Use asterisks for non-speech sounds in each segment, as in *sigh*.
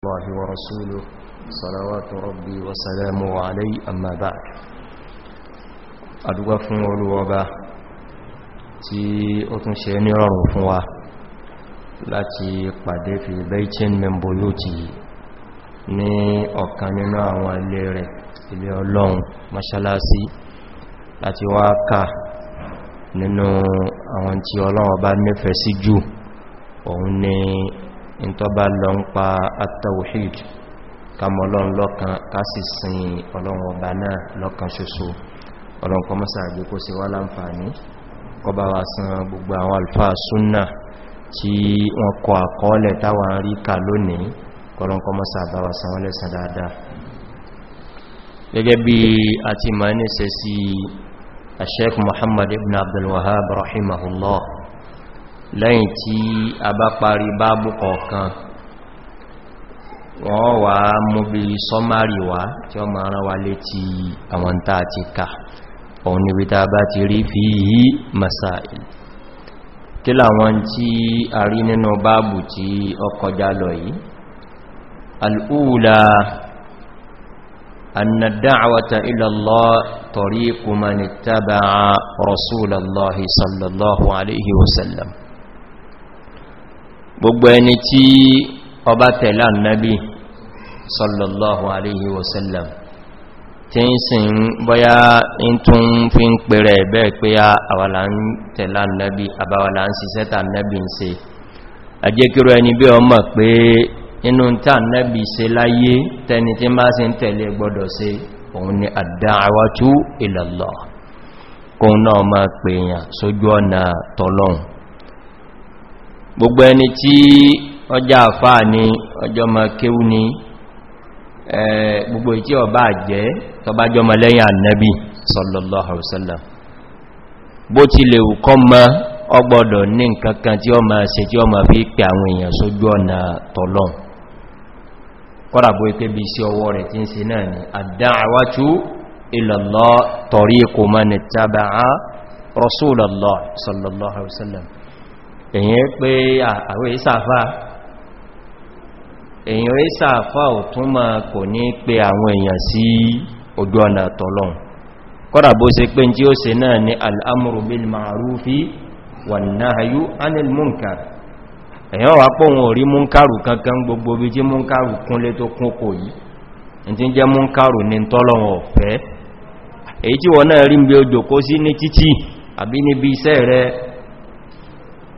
الله ورسوله صلوات ربي وسلامه عليه أما بعد adúgbà fún olúwọba tí ó tún ṣe ní في fún من láti pàdé fi baitin memboluti ní ọ̀kan nínú àwọn ilé rẹ̀ ilé ọlọ́run mọ́ṣálásí láti wá ká nínú àwọn tí ọlọ́run bá nífẹ̀ẹ́ sí jù òun ni in tó bá lọ ń pa atawhid kamọ ọlọ́run lọ́kan kásì sin ọlọ́run ọba náà lọ́kan ṣoṣo ọlọ́run kọ mọ́sà àjẹ́ kó sí wá láǹfààní kọ bá wá san gbogbo àwọn alfa súnnà tí wọ́n kọ àkọọ́lẹ̀ táwà ń lónìí ọlọ́run kọ Muhammad ibn Abdul Wahhab rahimahullah lẹ́yìn tí a bá parí báàbù kọ̀ọ̀kan wọ́n wà mú bí sọ́márì wá tí ó ma rán wa létí àwọn tàà ti ká ọ̀hun ni wítà bá ti rí fi yí masáìl kí láwọn tí a rí nínú báàbù tí ó kọjá lọ yìí al'ula أن الدعوة إلى الله طريق من اتبع gbogbo ẹni tí ọba tẹ̀lá nábi sallallahu alaihi wasallam tí ń sin bọ́yá in tún fi ń pèrè ẹ̀bẹ́ pé a àwàlá ń tẹ̀lá nábi àbáwàlá ń siṣẹ́ tà nábi ń se àjẹ́kírò ẹni bí ọmọ pé inú tà nábi se láyé tẹni tí má sí ń tẹ̀lé gbọ́dọ̀ se òun ni ad-da'watu ila Allah kóun náà máa sójú ọ̀nà tọ́lọ́un gbogbo ẹni tí ọjá àfá ni ọjọ́ ma kéwú ní gbogbo ìtí ọba jẹ́ tọba jọmọ lẹ́yìn annabi sallallahu alaihi bó ti lè kọ́ ma ọgbọ̀dọ̀ ní nkankan tí ọ ma ṣe tí ọ ma fi pẹ àwọn èèyàn sójú ọ̀nà tọ́lọ́n kọ́ràbó sallallahu alaihi èyàn pé àwẹ́ ìsàfà èyàn ìsàfà ò tún ma kò ní pé àwọn èèyàn sí ojú ọ̀nà tọ́lọ́un kọ́dà bó se pé tí ó se náà ni al'amuru ma'arufi wan anil munkar èyàn wà orí kankan gbogbo bí jí kúnlé tó kún kò in ti ní tọ́lọ́wọ̀n ọ̀fẹ́ èyí tí wọ́n náà rí bí ojò kó sí ní títí àbí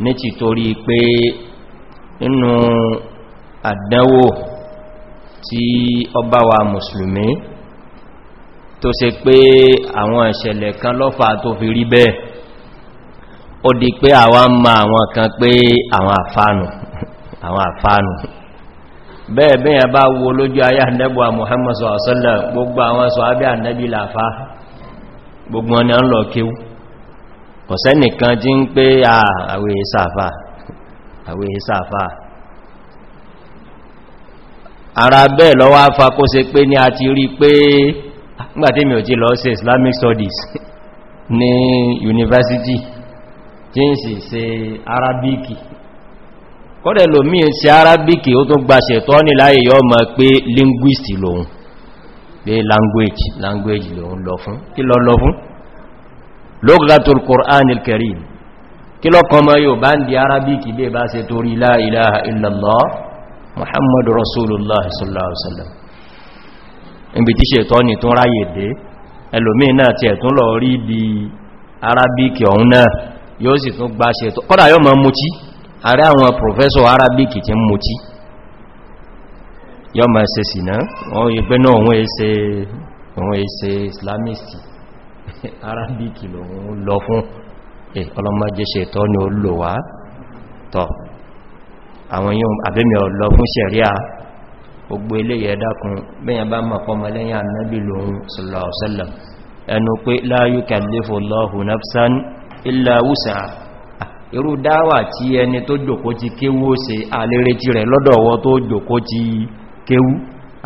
ní ti torí pé nínú àdánwò tí ọba wa mùsùlùmí tó ṣe pé àwọn ìṣẹ̀lẹ̀ kan lọ́fà tó fi rí bẹ́ẹ̀ ó di pé àwa ń ma àwọn kan pé àwọn àfánù *laughs* àwọn àfánù bẹ́ẹ̀ bí i bá wo lójú ayé àdẹ́bù à Muhammad sọ̀rọ̀sọ́lẹ̀ gbogbo àwọn sọ̀hábí àdẹ́bì làfá gbogbo wọn ni a ń kọ̀sẹ́nìkan jí ń pé àwẹ̀ ìsáfà àwẹ̀ ìsáfà ara bẹ́ẹ̀ lọ́wọ́ afá kó se pé ní a ti rí pé nígbàtí mi ò jí lọ sí islamic studies ní university tí ń sì se arabiki kọ́dẹ̀ lò mí se arabiki ó tó gbaṣẹ̀ tọ́ ní láyé yọ́ mọ̀ pé linguist lòun pé language language lòun lọ fún kí lọ lọ fún lughatul qur'anil karim kí lọ́kọ̀ ma yóò bá ń di arábíkì bí bá ṣe torí la ilaha illallah muhammadu rasulullah sallallahu alaihi wasallam ibi tí ṣe tọ́ni tún ráyè dé ẹlòmíì náà ti ẹ̀tún lọ rí bí arábíkì ọ̀hún náà yóò sì tún gbá ṣe tọ́ kọ́dà yóò ma mutí àrí àwọn professor wọ́n yẹ pé náà òun èé ṣe arabic lòun lọ fún ẹ̀ eh, ọlọ́mọdé ṣe tọ́ ní olówá tọ́ àwọn yíò àbẹ́mì ọ̀lọ fún sẹ̀ríà gbogbo eléyẹ dákun bẹ́yàn bá mọ̀ pọ́mọ lẹ́yìn annabi lòun sọ̀lọ̀ọ̀sẹ́lọ̀ ẹnu pé láyú kàlífò lọ́hùn nafsan se aléré ti rẹ̀ lọ́dọ̀wọ́ tó jòkó ti kéwú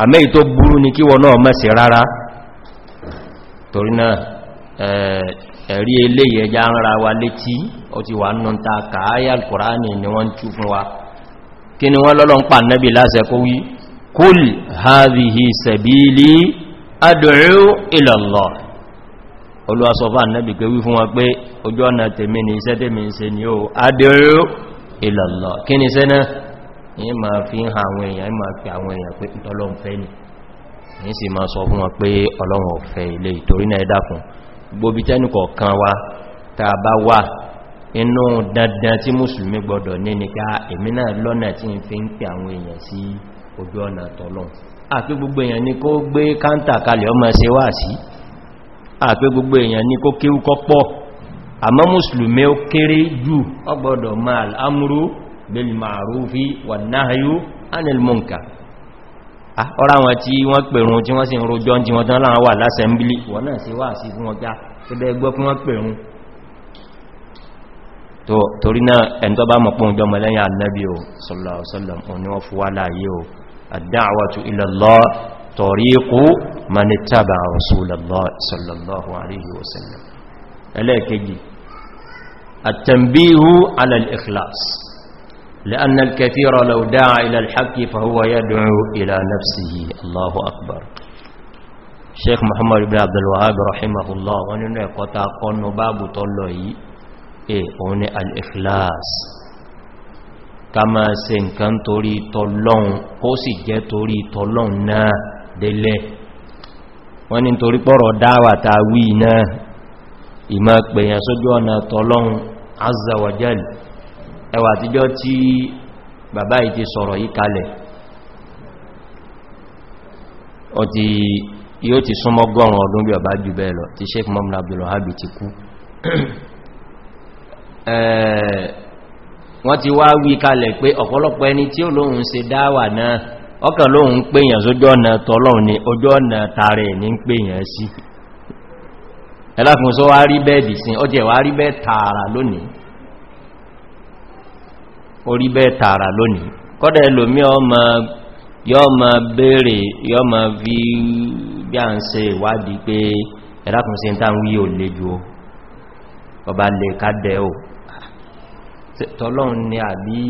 àmẹ́ tó burú ni kíwọ torí náà ẹ̀rí eléyìí ẹja ń ra wa létí ó ti wà nù ta kàáyà alkùránì ni wọ́n tú fún wa kí ni wọ́n lọ́lọ́ ń pa nẹ́bì láṣẹ kó wí kúl hadhihi sabili ad'u ila Allah olúwasọ́fà nẹ́bì pé wí fún wa pé ojú ọ̀nà tèmi ni iṣẹ́ tèmi ń ni ó ad'u ila kí ni iṣẹ́ náà yí fi ń ha àwọn èèyàn yí ma fi àwọn èèyàn pé ìtọ́lọ́run fẹ́ ni yí sì ma sọ fún wọn pé ọlọ́run ọ̀fẹ́ ilé ìtorí ẹ̀dàkùn gbobi tẹ́nukọ̀ kan wa ta bá wà inú dandan tí mùsùlùmí gbọdọ̀ ní ní ká ah, èmi náà lọ́nà tí ń fi ń pè àwọn èèyàn sí ojú ọ̀nà tọ́lọ̀ àpé gbogbo èèyàn ní kó gbé káńtà kalẹ̀ ọmọ ṣe wà sí àpé gbogbo èèyàn ní kó kéwú kọ́pọ̀ àmọ́ mùsùlùmí ó kéré jù ọgbọ̀dọ̀ máa al'amuru bil ma'rufi wa nahyu anil munkar Ah, ọ́rá wọn tí wọ́n pèrún tí wọ́n sì ń rojọ́ jí wọ́n tán láwọn wà lásẹ̀mbílì wọ́n náà sí wà sí fún wọn já tẹ́bẹ̀ ah, ẹgbọ́ fún wọ́n pèrún torí náà ẹn tó bá mọ̀ pọ̀ ọjọ́ mọ̀lẹ́yìn annabi o sọ́lọ̀sọ́lọ̀ òní wọ́n fún لأن الكثير لو دعا إلى الحق فهو يدعو إلى نفسه الله أكبر شيخ محمد بن عبد الوهاب رحمه الله ونحن قطع قرن باب طلعي اون الإخلاص كما سنكن تري طلعون قوسي جي تري طلعون نا دلي ونحن تري قرر دعوة تاوينا إما قبيا سجوانا طلعون عز وجل ẹwà àtijọ́ tí bàbá yìí ti sọ̀rọ̀ yìí kalẹ̀ ọ̀tí yóò ti súnmọ́ gọ́rùn ọdún bí ọba jù bẹ́ẹ̀ lọ ti sheik mọ́mùn abdullahi ti kú *clears throat* wọ́n ti wá wí kalẹ̀ pé ọ̀pọ̀lọpọ̀ ẹni tí ó se ṣe dáwà náà ọkàn lóhun pèèyàn sójú ọ̀nà tọ́lọ́run ni ojú ọ̀nà tààrẹ̀ ní ń pèèyàn sí ẹlákùn sọ wá rí bẹ́ẹ̀dì sí ọjẹ́ wá rí bẹ́ẹ̀ tààrà lónìí orí bẹ́ tààrà lónìí kọ́dẹ̀ lómí ọmọ yọ́ ma bèèrè yọ́ ma fi bí a ń ṣe ìwádìí pé ẹ̀rákùn sí ta ń wí ò lè jù ọba lè kádẹ̀ ò tọ́lọ́run ni àbí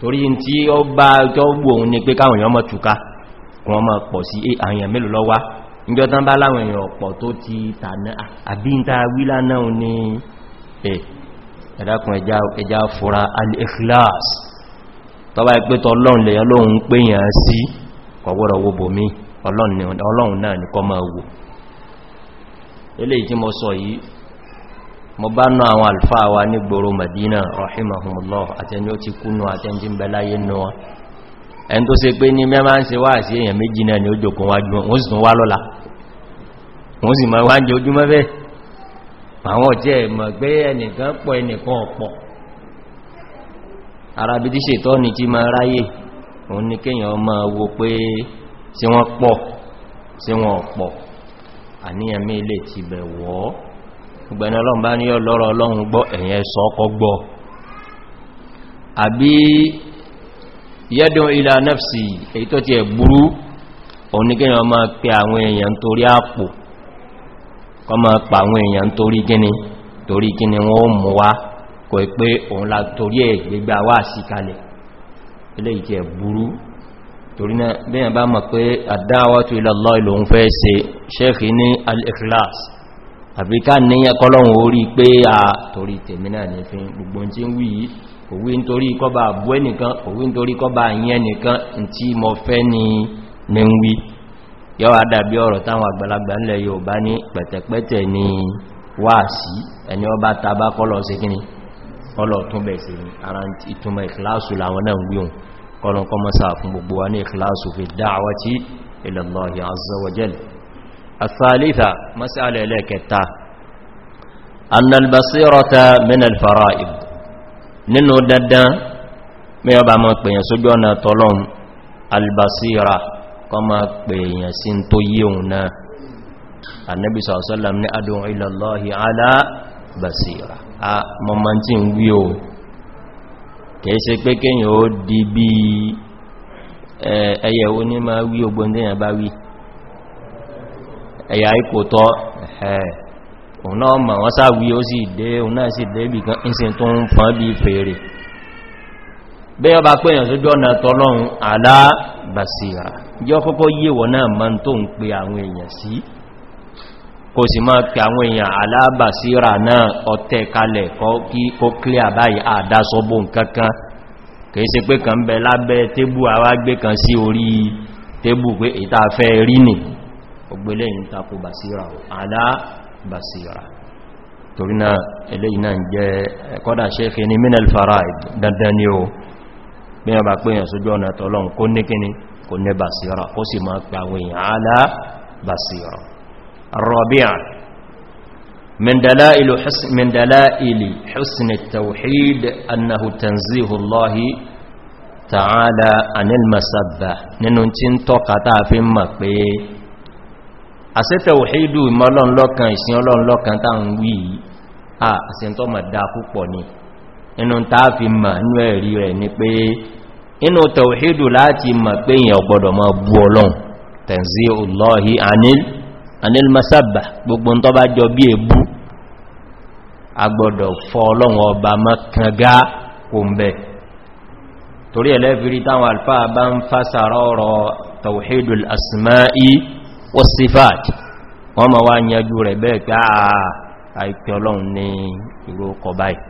torí tí ó bá jọ́gbò òun ni pé káwọn èèyàn mọ̀ túká wọn mọ̀ pọ̀ sí àyàn mélòó lọ́wá níjọ́ tán bá láwọn èèyàn ọ̀pọ̀ tó ti tàná àbí ń ta wílá náà ni ẹ̀ ẹ̀dàkùn ẹja fura al-ikhlas tọba ìpẹ́tọ̀ ọlọ́run lèyàn lóhun pé yàn sí kọ̀gbọ́rọ̀ owó bòmí ọlọ́run náà ní kọ́ máa wò ilé ìtí mọ́ sọ yìí mọ́ bá ná àwọn alfáà wa ní gbòrò Madina rahimahumullah ti ni àwọn ọ̀jẹ́ ìmọ̀ pé ẹnìkan pọ̀ ẹnìkan ọ̀pọ̀ arabi tí ṣètọ́ ni tí ma ráyè òun ní kíyàn ma wo pé sí wọ́n pọ̀ sí wọ́n ọ̀pọ̀ àníyàmí ilé ti bẹ̀ wọ́ ìgbẹ̀ni ọlọ́run bá ní ọlọ́rọ̀ ọlọ́run gbọ́ ẹ̀yẹn ẹ̀sọ́ ọkọ̀ gbọ́ àbí yẹ́dùn kọ ma pa àwọn èèyàn torí gíní torí gíní wọn ó mú wá kò ì pé òun la torí ẹ̀ gbégbà wá sí kalẹ̀ ilé ìjẹ̀ burú torí náà bẹ́yàn bá mọ̀ pé àdáwàtú ilallah ìlòun fẹ́ ṣe ṣẹ́ẹ̀kì ní al-ikhlas àfíká níyàn kọlọ́run orí pé a torí tèmi náà ní fi gbogbo tí ń wí yìí òwí ń torí kọba àbúẹ́ nìkan òwí ń torí kọba àyẹn nìkan tí mọ fẹ́ ni ń wí yọ́ àdàbí ọ̀rọ̀ táwọn àgbàlagbà ńlẹ̀ yóò bá ní pẹ̀tẹ̀pẹ̀tẹ̀ ní wáàsí ẹni ọba tàbá kọ́lọ̀ sí kíní kọ́lọ̀ tún bẹ̀ sí ara ìtumọ̀ ìkìláàsù làwọn náà ń gbíhùn kọ́lọ̀ kọmọ́sá fún gbogbo wa ní ìkìláàsù fi dáwàtí ila kọ́ ma pè èèyàn sí tó yí òun náà annabi sallam ní adùn ilallahi ala basira a mọ́mọ́ntí ń wí o kìí ṣe pé kíyàn ó di bí ẹyẹ o ní ma wí ogbon díyàn bá wí ẹ̀yà ipò tọ́ ẹ̀ òun náà ma wọ́n sá wí ó sì dé òun náà sì dé bí kan ìsìn tó ń fán bí fèrè bẹ́ ọba pé èyàn sójú ọ̀nà tọ́lọ́run alábàsíra jẹ́ ọkọ́kọ́ yíwọ̀ náà ma ń tó ń pe àwọn èèyàn sí kò sì máa pe àwọn èèyàn alábàsíra náà ọ̀tẹ́ kalẹ̀ kó kílẹ̀ àbáyì àdásọ́bò nkankan kìí ṣe pé kan bẹ lábẹ́ tébù àwá kan sí orí tébù pé ìta fẹ́ rí nì basira alábàsíra torí náà eléyìí náà jẹ́ kọ́dà ṣe kí ní minel faraid dandan o bí wọ́n bá pé èyàn sójú ọ̀nà tọ́lọ́n kó ní kíní kò ní basira ó sì máa pẹ àwọn èyàn alá basira rọ̀bíà mẹ́ndàlá ilì husni tawhid annahu tanzihullahi ta'ala anil masabba nínú tí ń tọ́ka táàfin mọ̀ pé àṣẹ tawhidu ìmọ́lọ́nlọ́kan ìsìn ọlọ́nlọ́kan táà ń wí à tó mọ̀ dáa púpọ̀ ni inú ta fi mọ̀ inú ẹ̀rí rẹ̀ ni pé inú tàwíhìdù láti mọ̀ pé èyàn ọgbọ̀dọ̀ mọ̀ bú ọlọ́run tẹ̀nzí ọlọ́hí anil masaba gbogbo tó bá jọ bí ebú agbọ̀dọ̀ fọ́ ọlọ́run ọba mọ́kànga kò mẹ́ torí ẹlẹ́fìrí táwọn alfa bá ń fásàrọ ọ̀rọ̀ tàwíhìdù asma'i wasifat wọ́n ma wá yanjú rẹ̀ bẹ́ẹ̀ pé àà àìpẹ́ ọlọ́run ní ìró báyìí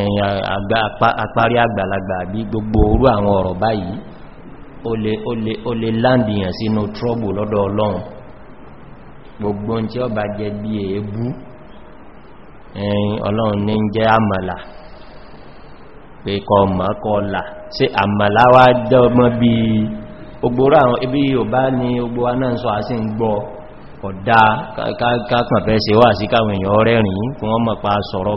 èèyàn àparí àgbàlagbà bí gbogbo orú àwọn ọ̀rọ̀ báyìí o lè láǹdìyàn sínú trọ́bù lọ́dọ̀ ọlọ́run gbogbo tí ó bá jẹ bí èébú ẹ̀yìn ọlọ́run ní jẹ́ àmàlà pé kọ mọ́kọ́lá sí àmàlà wá dọ́mọ́ bí ogbòrò àwọn ibi yóò bá ní ogbò wa náà sọ ń gbọ́ ọ̀dá kákàfẹ́ sí wà sí káwọn èèyàn rẹ̀rìn kí pa sọ̀rọ̀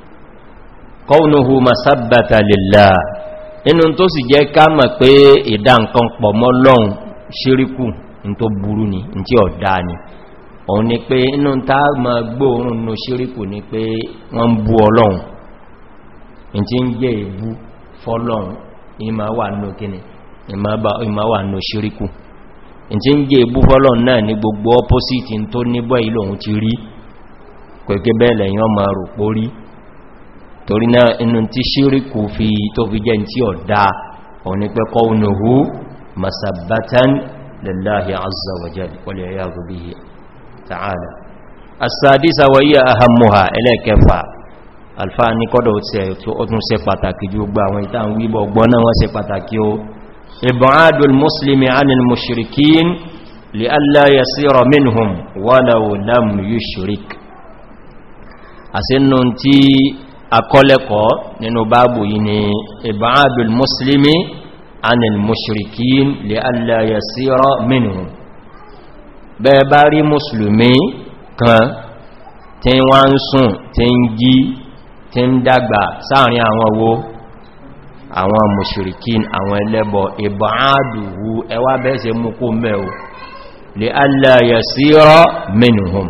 kọ́unuhu masabbata lillah nínú tó sì jẹ́ ká mọ̀ pé ìdá nǹkan pọ̀ mọ́ lọ́un ṣíríkù ní tó burú ni ní tí ọ̀dá ni òun ni pé inú ma gbóòrùn nù ṣíríkù ni pé wọ́n ń bú ọlọ́un ní tí ń jẹ́ ìbú fọ́lọ́un ní gbogbo torí náà inú tí ṣíríkù fi tó fi jẹ́ tí ọ̀dá òní pẹ́ kọ́unuhu masabbatan lillahi azza wa jalla wal iyadu bihi ta'ala as-sadisa wa hiya ahammuha ẹlẹ́kẹfà alfa ní kọ́dọ̀ tí ẹ̀ tó ó tún ṣe pàtàkì ju gbà àwọn ìta ń wíbọ̀ gbọ́n náà wọ́n akọ́lẹ́kọ́ nínú báàbù yìí ni ìbáàdùl muslimi anil mushrikin lè aláyẹ síra minhum bẹ́ẹ̀ bá rí musulmi kan tí wọ́n ń sùn tí ń jí tí ń dàgbà sáàrin àwọn owó àwọn mushrikin àwọn ẹlẹ́bọ̀ ìbáàdùwú ẹwà bẹ́ẹ̀ se mú kó mẹ́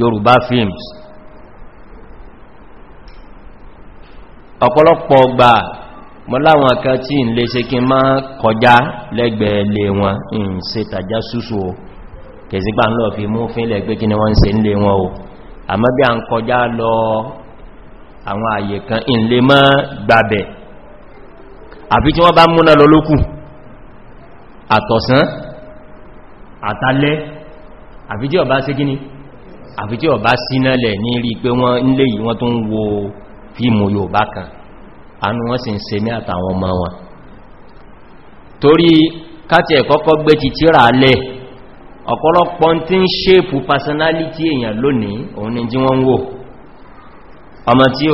Yorùbá films ọ̀pọ̀lọpọ̀ ọgbà mọ́ láwọn kan tí ń lè ṣe kí máa kọjá lẹ́gbẹ̀ẹ́ lè wọn ń ṣe tàjá súsù o kẹsígbà ń lọ fi mú fínlẹ̀ pé kí ni wọ́n ń ṣe ń lè wọn o àmọ́ bí a ń kọjá lọ àwọn àyè kan ń lè mọ́ gbàbẹ̀ àfi tí wọ́n bá múná lọ àtọ̀sán àtàlẹ́ àfi tí ó bá ṣe kíní àfi tí ọba sínálẹ̀ ní rí pé wọ́n ń lè yìí wọ́n tó ń wo fíìmù Yorùbá kan anú wọ́n sì ń ṣe ní àtàwọn ọmọ wọn torí káti ẹ̀kọ́kọ́ gbé ti tíra alẹ́ ọ̀pọ̀lọpọ̀ tí ń ṣépù personality èèyàn lónìí òun ni jí wọ́n wò ọmọ ju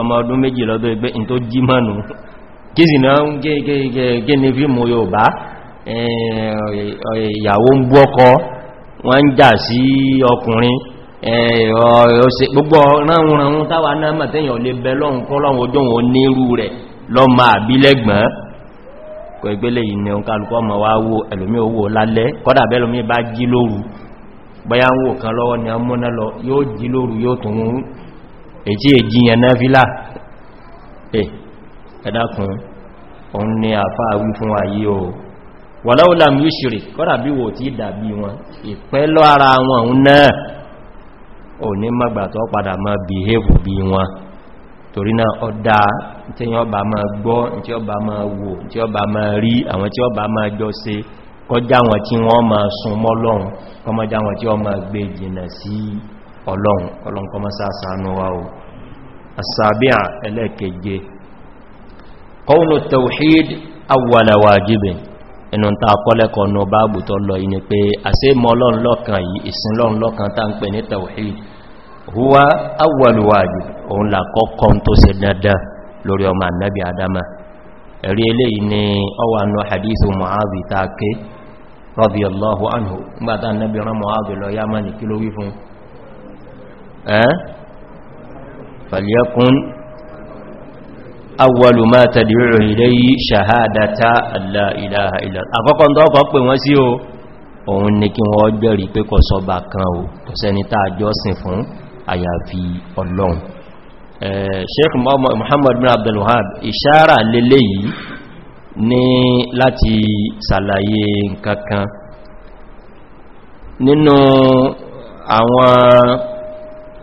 ọmọ ọdún méjì lọ́dọ̀ ẹgbẹ́ in tó jí mọ́nu kí sì náà ń gẹ́gẹ́gẹ́ wọ́n ń jà sí ọkùnrin ọ̀ọ̀ṣe gbogbo ránrun táwà náà mọ̀tẹ́yàn lè bẹ lọ́run kọ́lọ́run ojú wọn nírú rẹ̀ lọ́mà àbílẹ́gbọ̀n kò ìgbélé ìní ọkàlùkọ́ ọmọ wá wó ẹlòmí owó lálẹ́ kọ́dà ni a múná lọ yóò jí lóru yóò tún mú ètí èjìyàn náà fílà ẹ̀dàkùn òun àfáà wí fún ayé wọ̀láwọ́lá mìíṣìrì kọ́nà bí wò tí dàbí wọn ara wọn òun náà ò ní mọ́gbà tó padà máa bí hébù bí wọn torí náà ọdá tí yọ bá máa gbọ́ tí yọ bá máa wò tí bá máa rí tí bá máa jọ kọjá wọn tí wọ́n máa sun mọ́lọ́run kọmọjá wọn tí máa gbé jìnà sí o inú ta kọ́lẹ́kọ̀ọ́ ní báàbù tó lọ yìí ni pé àṣẹ mọ́ ọlọ́run lọ́kan yìí ìsin lọ́run lọ́kan tá ń pè ní tawhid huwa awwaluwaju òun làkọ́kọ́ tó se dandan lórí ọmọ annabi adama ẹ̀rí eléyìí ni ọwà nù hadithu mu'adhi taake radiyallahu anhu ngbàtà annabi ran mu'adhi lọ yá mani kí ló wí fún awwalu ma tad'u ilayhi shahadata la ilaha illa àkọ́kọ́ ndo ko pè wọ́n sí o ohun ni kí wọ́n jẹ́rìí pé kò so ba kan o kò se ni tá jọ́sìn fún àyàfi Ọlọ́hun eh sheikh muhammad bin abdul wahhab ishara leleyi ní láti ṣàlàyé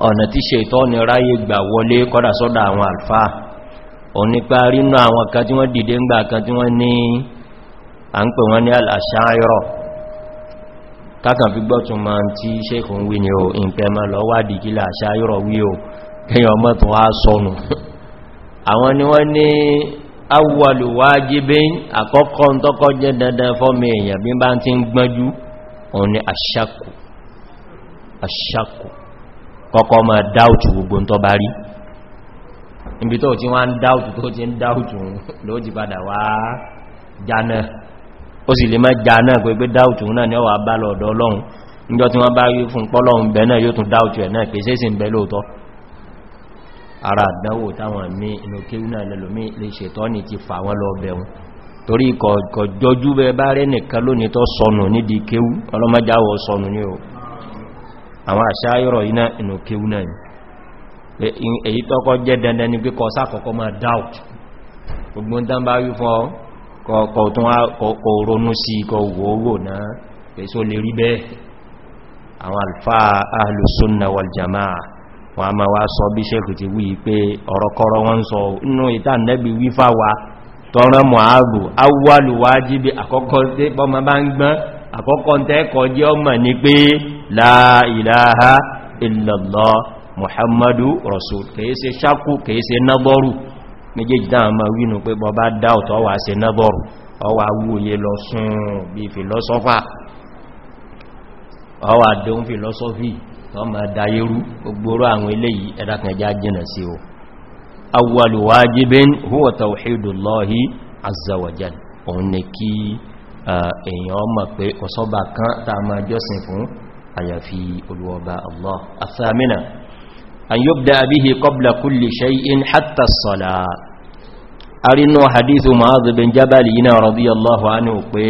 ọ̀nà tí ṣe ìtọ́ ni ráyé gbà wọlé kọ́dà sọ́dà àwọn àlfáà onípa rínú àwọn kan tí wọ́n dìde ń gbà kan tí wọ́n ní à ń pè wọ́n ní al-Ash'ari kákan fi gbọ́tún ma tí Sheikh ń wí ni o ìpẹ̀mọ̀ lọ wádìí kí al-Ash'ari wí o kẹyàn ọmọ tó wá sọnù *laughs* àwọn ni wọ́n ní awwalu wajibin àkọ́kọ́ tọ́kọ́ jẹ́ dandan fọ́mọ èèyàn bí bá ti ń gbọ́njú òun ni aṣakù aṣakù kọ́kọ́ ma dáùtù gbogbo ibi tó ti wá ń dáùtù tó ti ń dáùtù ló ti padà wá jana ó sì lè má jana pé pé dáùtù náà ni ó wà bá lọ́dọ̀ ọlọ́run níjọ́ tí wọ́n bá rí fún pọ́lọ́run bẹ̀ náà yóò tún dáùtù ẹ̀ náà pèsè sí ń bẹ lóòtọ́ ara àdánwò táwọn iná inú náà èyí tọ́kọ́ jẹ́ dandan ni pé kọ sákọ̀ọ́kọ́ máa doubt gbogbo ń tán bá wí fún ọkọ̀ tó kọ ronú sí ikọ̀ owó náà pèsò lè rí bẹ́ẹ̀ àwọn alfa ahlùsúnnà waljama wọn a máa wá sọ bí sẹ́kù ti wí pé ọ̀rọ̀kọ́rọ̀ wọn sọ inú ìta illallah muhammadu rasul kèé se ṣákú kèé se nábọ́rù méjèèjì dáa ma wínú pé bọba dáòtọ́ wà se nábọ́rù ọwà wúye lọ sún bí fìlọ́sọ́fà ọwà dẹun fìlọ́sọ́fì tọ́ ma dáyérú gbogboro àwọn eléyìí ẹ̀dàkànjá jẹ́nà sí o awwalu wajibin kan àyàfi allah an yubda bihi qabla kulli shay'in hatta as-salah arinu hadithu mu'adh bin jabal ina radiyallahu anhu pé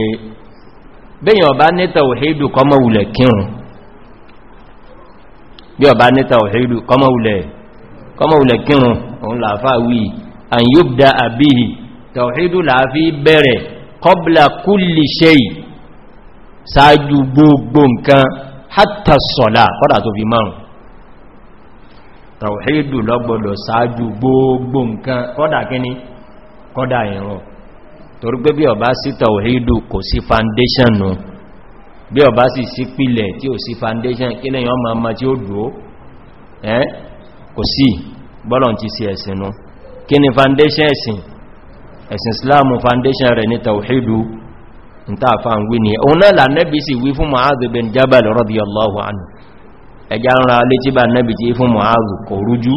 beyan bá ní tawhid ko ma wule kirun bí ó bá ní tawhid ko ma wule ko ma wule kirun on la fa wi an yubda bihi tawhid bẹ̀rẹ̀ qabla kulli shay ṣáájú gbogbo nǹkan hatta as-salah tàwàídù lọ́gbọ̀dọ̀ sáájú gbogbo nǹkan kọ́dà kíní kọ́dà ìrun torí pé bí ọba sí tàwàídù kò sí foundation nù bí ọba sì sí pìlẹ̀ tí ò sí foundation kí lẹ́yìn ọmọ ọmọ tí ó dúó ẹ́ kò sí ti sí ẹ̀sìn nù kí ni foundation ẹ̀sìn ẹ̀sìn ẹja ń ra létí bá annabi ti fún mọ̀háàzù kò rújú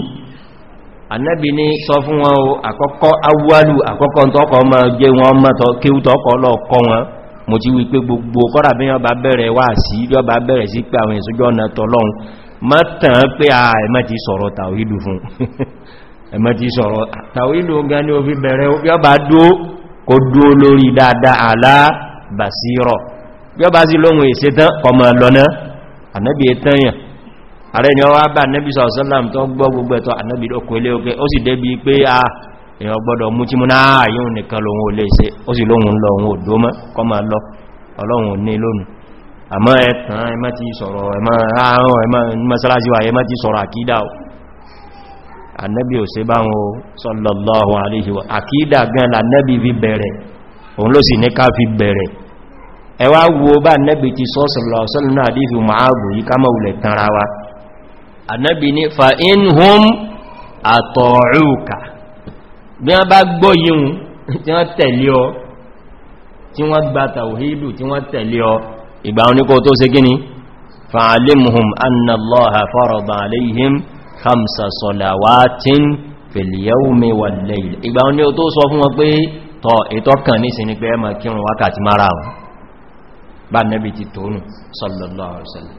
annabi ní sọ fún wọn o àkọ́kọ́ awúwálù àkọ́kọ́ tọ́kọ́ ma jẹ́ wọn mọ́tọ́ kíútọ́kọ́ lọ kọ́ wọn mo ti wípé gbogbo kọ́rà bí wọ́n bá bẹ̀rẹ̀ wà sí bí wọ́n bá a ẹ̀mọ́ ti sọ̀rọ̀ tàwílù fún *laughs* ẹ̀mọ́ ti sọ̀rọ̀ tàwílù gan ní ofi bẹ̀rẹ̀ bí ọ bá dó kó dó lórí dáadáa àlá bàsírọ̀ ààrẹ ni ọwá bá nẹ́bí sọ̀sọ́lám tó gbọ́ gbogbo ẹ̀tọ́ ànẹ́bí lókò ilé oké ó sì débi pé a èyàn gbọ́dọ̀ mú tí mú náà yíò nìkan lòun ò lè ṣe ó sì lóhun lọ òun òdó lọ ọlọ́run ní lónù ẹwà wo bá nẹ́bí ti sọ́sọ̀lọ̀ sọ́lọ̀ náà dí fi yí ká mọ̀ ulẹ̀ tanra wa annabi ni fa in hum atọ̀ọ̀rúkà bí wọ́n bá gbọ́ yíun tí wọ́n tẹ̀lé ọ tí wọ́n gba tàwíìdù tí wọ́n tẹ̀lé ọ ìgbà wọn ní kó tó ṣe gíní fa'alimuhum annallaha farada alayhim khamsa salawatin fil yawmi wal layl ìgbà wọn ní ó tó sọ fún wọn pé tọ ìtọ́kàn ní sí ni pé ẹ máa kírun wákàtí márààrún bá nẹ́bí ti tónù sallallahu alaihi wasallam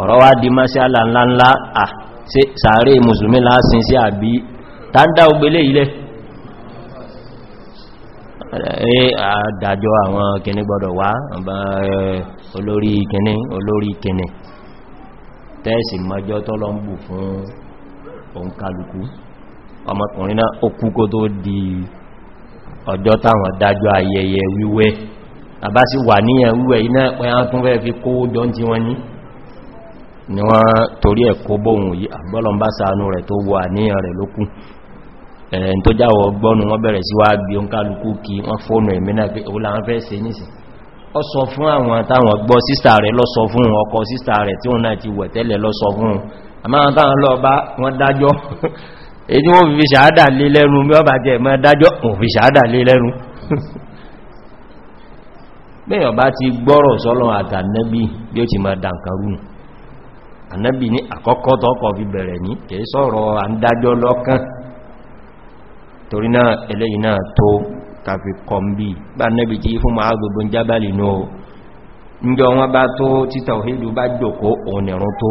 ọ̀rọ̀ wá di mọ́ṣálà ńláńlá à sàárè musulmi lásìn sí àbí tàndà ogbélé ilẹ̀ àdájọ́ àwọn kìnnì gbọdọ̀ wá olórí kìnnì olórí kìnnì tẹ́ẹ̀sì mọ́jọ́ tọ́lọ ń bù fún òun kálukú ọmọkùnrin náà ó kú kó tó di ọjọ́ táwọn dájọ́ ayẹyẹ wíwẹ́ àbá sí wà níyàn wíwẹ́ iná pẹ́ ni wọ́n torí ẹ̀kọ́ bóhun yìí àgbọ́lọ̀n bá sàánú rẹ̀ tó wà ní rẹ̀ lókún ẹ̀rẹ̀ tó jáwọ̀ gbọ́nù wọ́n bẹ̀rẹ̀ sí wá bí oun kálukú kí wọ́n fóònù ẹ̀mìnà pé o láwọn fẹ́ se nísìn ọ sọ fún àwọn táwọn náà ti *laughs* *laughs* ọba ti gbọ́rọ̀ sọ́lọ́ àtànẹ́bí bí ó ti mọ́ dànkarú ànábì ní àkọ́kọ́ tọ́kọ̀ fi bẹ̀rẹ̀ ní kìí sọ́rọ̀ àndájọ́ lọ́kàn torí náà eléyìí náà tó kàfi kọmbí bá nẹ́bì tí fún máa gbogbo jábàlì náà níjọ wọn bá tó tí tàwídù bá jòkó ònìrún tó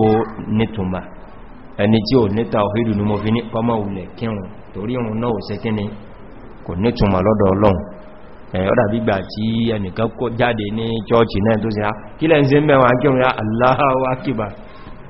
nítùmà ẹni tí ò ní tàwídù ni kò nítùmà lọ́dọ̀ ọlọ́run tí ẹnìkan jáde ní chọ́ọ̀chì náà tó sì kílẹ̀ ń se mẹ́wàá kírùn ya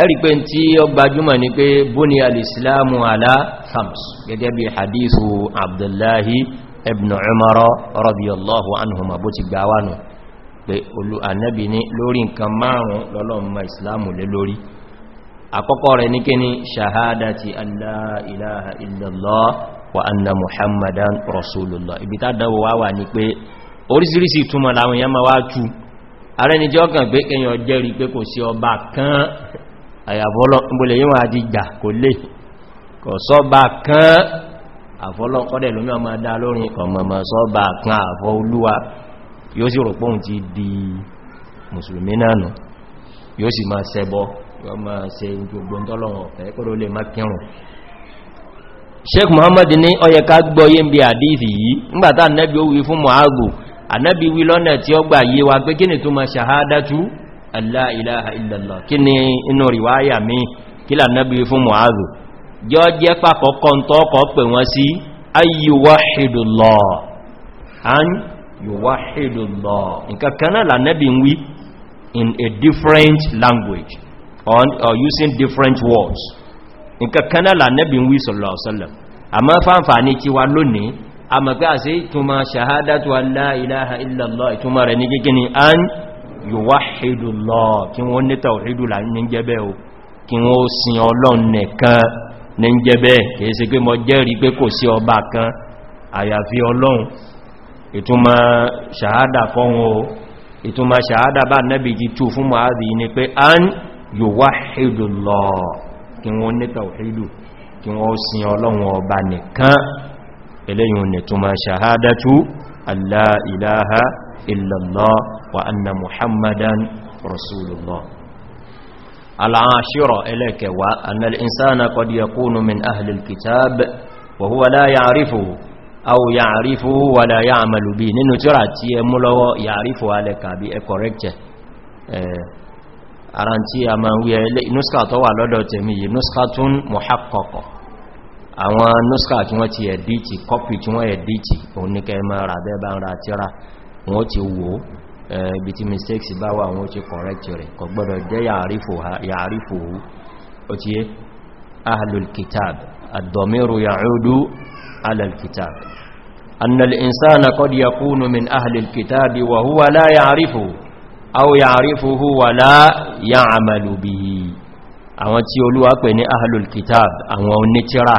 ẹ̀rí pé tí ó gbajúmọ̀ ní pé bóní alìsìláàmù alá sams gẹ́gẹ́ bí hadithu abdullahi ibn umar radiyallahu anhuma bó ti gbà wánu pé olú annabi ní lórí nǹkan márùn-ún lọ́lọ́mọ ìsìláàmù lé lórí àkọ́kọ́ rẹ̀ ní kíni ṣahádàtì allah ilaha illallah wa anna muhammadan rasulullah ibi tá dáwọ wá wà ní pé orísìírísìí túnmọ̀ àyàfọ́lọ́ ìbòlẹ̀ yíwọ̀n àdìjà kò lè kọ̀ sọ́bà kan àfọ́lọ́ kọ́dẹ̀ lómi ọmọ dá lórin ọmọmọ sọ́bà kan àfọ́ olúwa yóò sì rọ̀pọ̀ ti di mùsùlùmí nánà yóò sì máa ṣẹbọ yóò máa ṣe gbogbo ole la ilaha illallah kí ni inú riwaya mi kí là nábi fún mu'adhu jọ jẹ́ pàkọ́kọ́ ń tọ́kọ́ pè wọ́n sí ayyuwahidullah an yuwahidullah nǹkan in a different language or, or using different words nǹkan kanáà là nábi ń wí sallallahu alaihi wasallam àmọ́ fáǹfàní ti wa lónìí a mọ̀ pé àṣí ìtumọ̀ ṣàhádàtù aláìláha ìlàlá ìtumọ̀ rẹ̀ ní gígíní an yíwáhìdù lọ kí wọ́n ní tàwàhìdù là ní jẹ́bẹ̀ o kí wọ́n sin ọlọ́run nìkan ní jẹ́bẹ̀ kìí sí pé mọ́ jẹ́rí pé kò sí ọba kan àyàfi ọlọ́run ìtumọ̀ ṣàhádà fọ́hun o ìtumọ̀ ṣàhádà bá nẹ́bì jí tú fún mọ̀háàdì ni pé an yíwáhìdù lọ kí wọ́n ní tàwàhìdù kí wọ́n sin ọlọ́run ọba nìkan eléyìn nìtumọ̀ ṣàhádà tú Allah ilaha illallah wa anna muhammadan rasulullah al'ashira ẹlẹ́kẹwa anna al'insana qad yakunu min ahli alkitab wa huwa la ya'rifuhu aw ya'rifuhu wa la ya'malu bi nínú tírà tí ẹ mú lọ́wọ́ ya'rifu alẹ́ka bí ẹ kọ̀rẹ́kẹ̀ ara tí a ma ń wí ẹlẹ́ inúskà tó wà lọ́dọ̀ àwọn nuska tí wọ́n ti ẹ̀dìtì kọ́pì tí wọ́n ẹ̀dìtì òun ní kẹ́ mọ́ rà ń ra tíra wọ́n ti wò ó ibi eh, tí mistakes bá wà wọ́n ti correct rẹ̀ kò gbọ́dọ̀ jẹ́ ya'rifuhu ó ti yé ahlul kitab ad-damiru ya'udu ala al-kitab anna al-insana qad yakunu min ahli al-kitab wa huwa la ya'rifuhu aw ya'rifuhu wa la ya'malu bihi àwọn tí Olúwa pè ní ahlul àwọn onítírà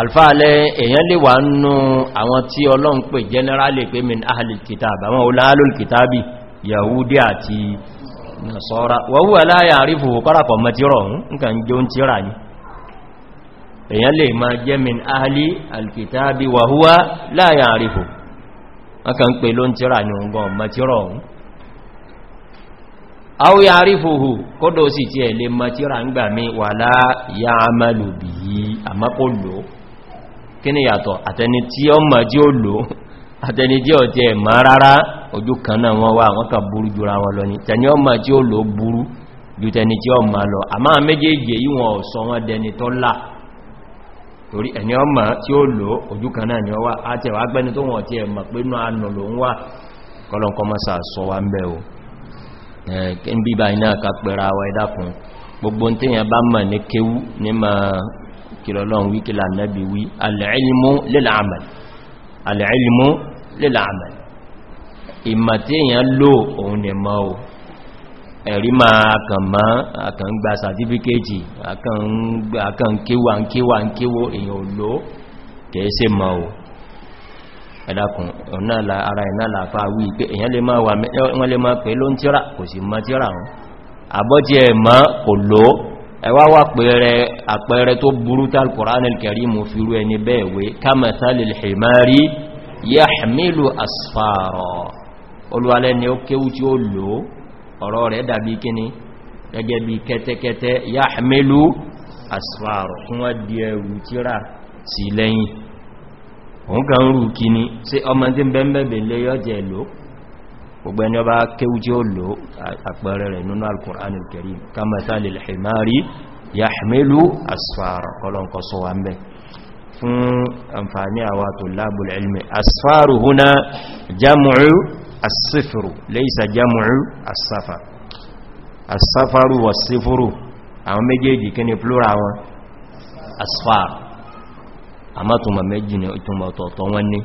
alfáàlẹ́ èyàn lè wà nínú àwọn tí ọlọ́run pè generally pé min ahalil kitab àwọn olálòl kitabi yahudi àti nasọ́ra wọ́wú aláyà àrífò kọ́ràkọ̀ mẹ́tírọ̀ nǹkan jẹ́ oún tíra ní èyàn lè máa jẹ́ min ahali alkitabi wàhúwá láyà àrífò ọkàn pè ló ń tíra ní ọgbọ̀n mẹ́tírọ̀ wà láyà amálòbí kí ni yàtọ̀ àtẹni tí ó mọ̀ jí ó lò àtẹni tí ó ti ẹ̀ mọ́ rárá ojú kan náà wọ́n wá àwọn kan burú jura wọn lọ ni tẹni ó mọ̀ jí ó lò burú ju tẹni tí ó mọ̀ lọ àmá méjèèjì yí ọ̀sọ̀ wọn dẹni tó là torí ẹni ó mọ̀ tí ó lò ojú kan náà ni ó wa ẹ̀dàkùn gbogbo tí yẹn bá mọ̀ ní kílọ̀lọ́run wí kílà nẹ́bí wí al-ilmu lil-amal al-ilmu lil-amal ìmọ̀ tí èyàn lò òun ni mọ́ o ẹ̀rí ma àkànmá àkàngbà sàtífíkéjì àkànkéwà kéwà kéwò èyàn lò kẹ́ẹ́sẹ́ mọ́ o ẹ̀dàkùn ara ìná làfà wí pé èyàn lè máa pè ló ẹwà wà pẹ̀rẹ àpẹẹrẹ tó burú tal Qur'anil Karim fìrú ẹni bẹ́ẹ̀wé kamathalil himari yahmilu asfara olúwalẹ́ ni ó kéwú tí ó lò ọ̀rọ̀ rẹ̀ dàbí kíní gẹ́gẹ́ bí kẹ́tẹ́kẹ́tẹ́ yahmilu asfara kún gbogbo ẹni ọba kéwú tí ó lò àpẹẹrẹ rẹ̀ nínú alkùnránil karim kamathali al-himari yahmilu asfara kọlọ̀nkọ́ sọ wa mẹ́ fún àǹfààní àwa tullabul ilmi asfaru huna jam'u as-sifru laysa jam'u as-safar plural wọn asfar àmá tùmọ̀ méjì ni ìtùmọ̀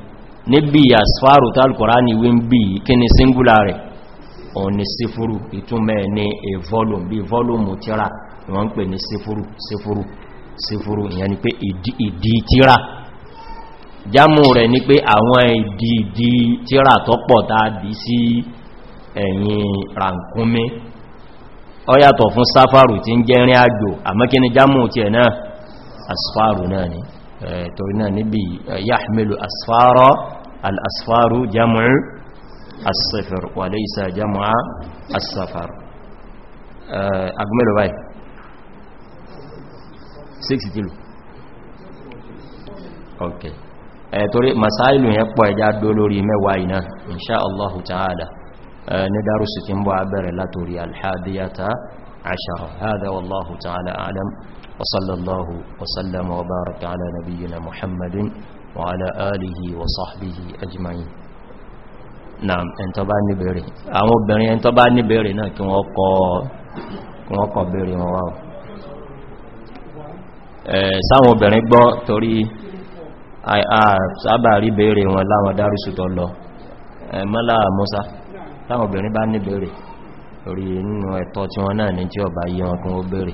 níbi àsfààrù tàlùkùránì wí ń bí kí ni síngúlà rẹ̀ òun ni sífúrù ìtúnmẹ́ ní a volume bí volume tíra wọ́n ń pè ní sífúrù sífúrù sífúrù ìyẹn ni pé ìdí tíra jámù rẹ̀ ni pé àwọn ìdí ìdí tíra tó pọ̀ tàbí sí ẹ̀yìn ràǹkúnmí ó yàtọ̀ fún sáfàrù tí ń jẹ́ rin àjò àmọ́kíní jámù tí ẹ̀ náà asfààrù náà ni torí náà níbi yàhmìlù asfara al'asfaru jam'u asifir wà lè isa jam'a asafar agmìlù báyìí 6 kilo ok torí masáìlù yẹn pọ̀ ẹjá dó lórí mẹ́wàá iná inṣá allahu ta'ala ní dárùsù tí ń bọ́ abẹ́rẹ̀ látorí alhadiyata عشر هذا والله تعالى أعلم وصلى الله وسلم وبارك على نبينا محمد وعلى آله وصحبه أجمعين نعم ẹn tó bá ní bèèrè àwọn obìnrin ẹn tó bá ní bèèrè náà kí wọ́n kọ bèèrè wọn wá ẹ̀ sáwọn obìnrin gbọ́ torí sábà rí bèèrè wọn láwọn dárísù tó lọ mọ́lá mọ́sá sáwọn obìnrin bá ní bèèrè torí nínú ẹ̀tọ́ tí wọ́n náà ní tí ọba yí wọn kún ó bèèrè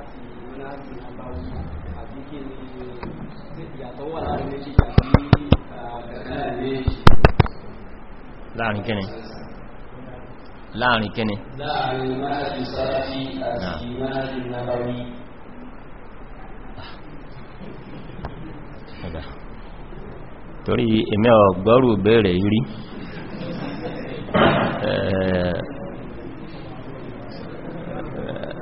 àti mọ́nàtì àbáwí àbí kí ni ìyàtọ̀ wà láàrin méjì àbí láàrin méjì. láàrin kíni láàrin kíni láàrin mọ́nàtì sọ́láfí àti mọ́nàtì nàbáwí torí èmi ọ̀gbọ́rù bẹ̀rẹ̀ rí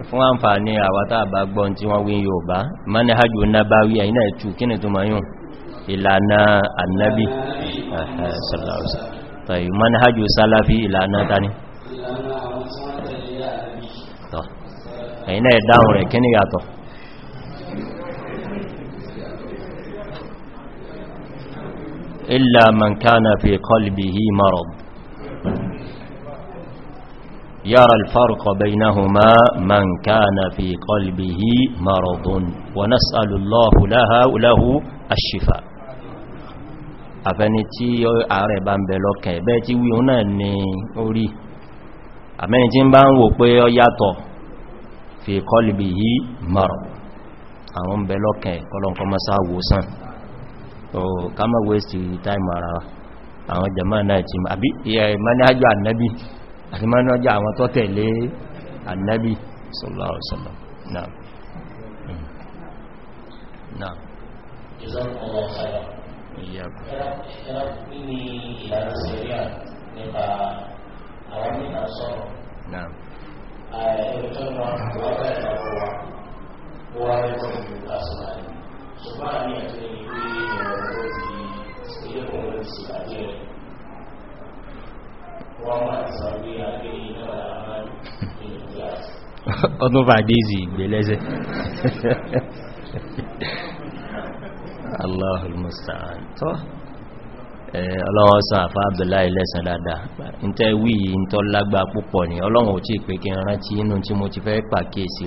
fún àǹfààní àwátà bá gbọ́n tí wọ́n wí yóò bá mọ́ni hajjú nábáwí àyínà ẹ̀tù kí ni tó ma yùn ìlànà annabi tàí mọ́ni hajjú sálàfí ìlànà tani àyínà ẹ̀dáhùn rẹ̀ kí ni yàtọ̀ illa man kana fi qalbihi يرى الفرق بينهما من كان في قلبه مرض ونسأل الله لها له الشفاء àfẹni tí ààrẹ bá ń bẹ̀ lọ́kẹ̀ ẹ̀bẹ́ tí wí náà ni ó rí tí ń bá ń wò pé ọ yàtọ̀ fi kọlùbì mọ̀rọ̀ àwọn bẹ̀ lọ́kẹ̀ kọlọ̀nkọ́ mọ́sá wòsàn o ká mọ́ táìmọ̀ ara àwọn jẹ́mọ́ náà ti mọ́ àbí ìyẹ̀ mọ́ àti mánújà àwọn tó tẹ̀lé annabi sallallahu alaihi wasallam náà náà jazakumullahu khairan ìyàkùn ẹ̀rọ kí ni ìlànà sẹ̀ríà nípa àwọn mìíràn sọ̀rọ̀ náà ẹ̀rọ̀tọ́ wọn wọ́n bá ìtàkùn wa wọ́n wá rẹ̀ fún ìlú kásìláì ṣùgbọ́n àníyàn tó ní ìlú ìrọ̀rọ̀ ọdún fàdíìsì ìgbèlẹ́sẹ̀ Allahul musta'an tó ọlọ́wọ́ sọ àfá àbẹ̀lá dáadáa wí yìí lágbà púpọ̀ ní pé kí rántí inú tí mo ti fẹ́ pàkíyèsí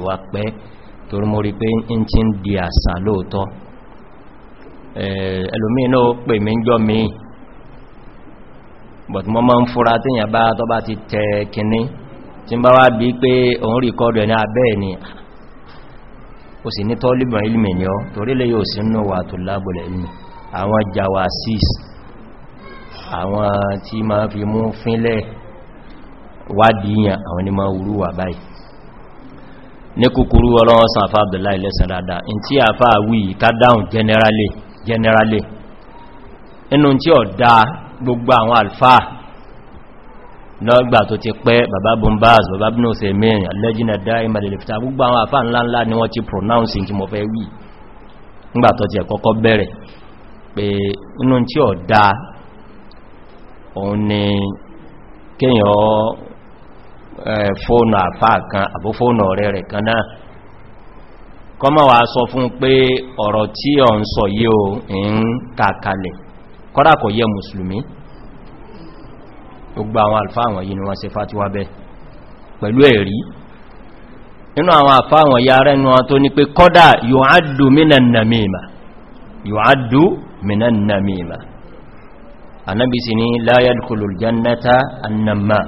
but mo ma ń fura tí yàn bá tọ́ bá ti tẹ kìíní tí bá wá bí pé òun rí kọ́dọ̀ ní abẹ́ ni o sì ní tọ́lìbọn ilmi ni ọ torí lè yóò sí nínú wà tó lábùlẹ̀ ilmi àwọn jawa 6 àwọn tí ma fi mú fínlẹ̀ wádìíyàn àwọn ni ma wúrú wà báyìí ní kúkúrú ọlọ́wọ́n sàn àfá Abdullahi lẹ́sàn dáadáa in tí àfá wí ká dáhùn generally generally inú tí ọ̀ dáa gbogbo àwọn alfáà lọ́gbà tó ti pẹ́ bàbá bombaz bàbá bí náà se mẹ́rin alẹ́jìnà dáìmà gbogbo àwọn ńláńlá ni wọ́n ti pronouncing kí mọ̀ fẹ́ wí ńgbà tó ti ẹ̀kọ́kọ́ bẹ̀rẹ̀ pé inú tí dá òun ni kọ́dá kọ̀ yẹ mùsùlùmí gbogbo àwọn alfa àwọn yìí ni wọ́n ṣe fàtíwá bẹ́ pẹ̀lú ẹ̀rí inú àwọn alfa àwọn ya rẹ̀ nù tó ní pé kọ́dá yu'addu minan namima yu'addu minan namima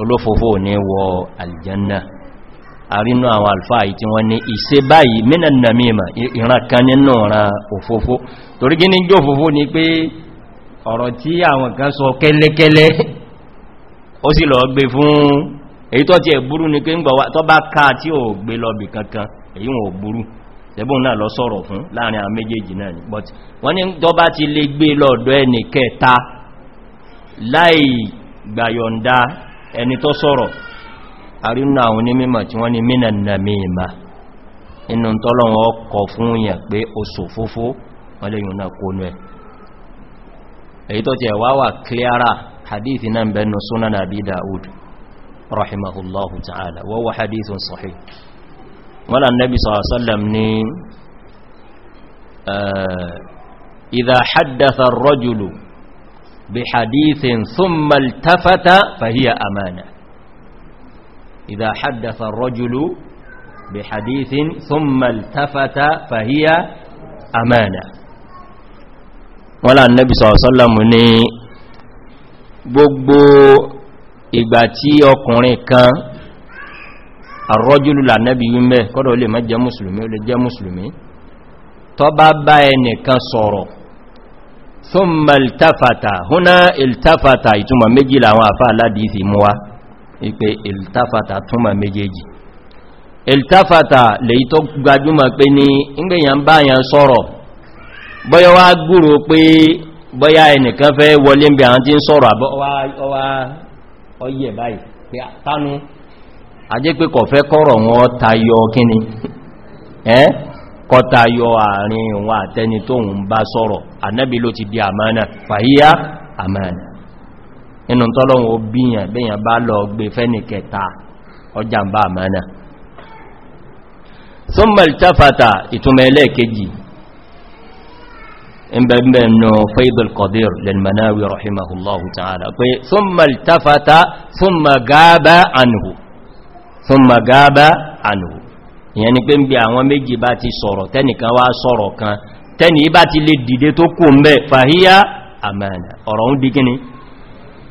olófòfò ní wọ aljanna àrínú àwọn alfa yìí tí wọ́n ní ìṣe báyìí mínà nàmíma ìran kan nínú ọ̀ràn òfófó torí gíní jò ni pé ọ̀rọ̀ tí àwọn kan sọ kẹ́lẹ́kẹ́lẹ́ ó sì lọ gbé fún èyí ti ẹ̀ burú ni pé ń gbọ̀wà tó bá ká tí ò kankan lọ ni ti àrínú àwọn onímọ̀ tí wọ́n ni mínà nà mímà inú tọ́lọ̀wọ́ kọ fún yàn pé o sòfófó wọ́n lè yùn náà kó nú ẹ̀ èyí tó ti ẹ̀wà wà kílára hadithi náà bẹnu súnà nàbí Dawud rahimahullahu ta'ala wọ́n wà amana إذا حدث الرجل بحديث ثم التفت فهي أمانة ولا النبي صلى الله عليه وسلم ní gbogbo ìgbà tí ọkùnrin kan arọ́júlù lànẹ́bí wímẹ́ kọ́dọ̀ lè má jẹ́ mùsùlùmí ó lè jẹ́ mùsùlùmí tó bá bá ẹnìkan sọ̀rọ̀ thumma iltafata húnná iltafata ìtumọ̀ méjì làwọn àfáà ládìí fi mú wá ipe iltafata túnmà méjèèjì iltafata lè tó gbajúmọ̀ pé ní ingbèyàn báyàn sọ́rọ̀ bọ́yọ́ wá gúrò pé bọ́yá ẹnìkan fẹ́ wọlé bí àwọn tí ń sọ̀rọ̀ ọyẹ̀ báyìí pé tánú inú tọ́lọ́wọ́ obíyàn bíyàn bá lọ gbé fẹ́ni kẹta ọjàmbá àmànà sọ́mọ̀lì tafata ìtumẹ̀ ẹlẹ́ẹ̀kejì ìbẹ̀mẹ̀nà faidul qadir lẹ́lmanáwí rahimahullahu ta'ala pé sọ́mọ̀lì tafata summa gaba anhu summa gaba anhu ìyẹn ni pé ń bí àwọn méjì bá ti sọ̀rọ̀ tẹ́nìkan wá sọ̀rọ̀ kan tẹ́nì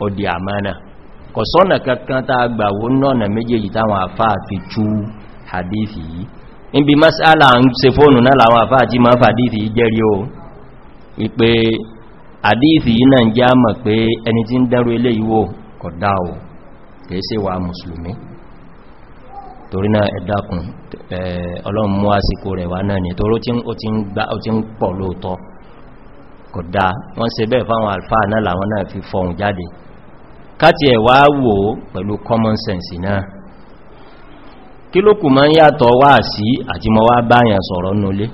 ó di àmánà kò sọ́nà kankan tá a gbà wó náà méjèèjì táwọn àfáà fi tú hadithi yìí níbi masala ń ṣe fóònù náà làwọn àfáà tí ma ń fàdíìtì yìí jẹ́rí o ìpe àdíìtì yìí náà já mọ̀ pé ẹni tí ń dẹ́rù ilé ìwò kódà o kìí ṣe wà mùsùlùmí torí náà ẹ dákun àsìkò rẹ̀ wá náà ni toró tí ń pọ̀ lóòtọ́ kódà wọ́n ṣe bẹ́ẹ̀ fáwọn àlfáà náà làwọn náà fi fọhùn jáde káti ẹ̀wà wò pẹ̀lú common sense náà kí ló kù máa ń yàtọ̀ wà sí àti mọ́ wá sọ̀rọ̀ nulé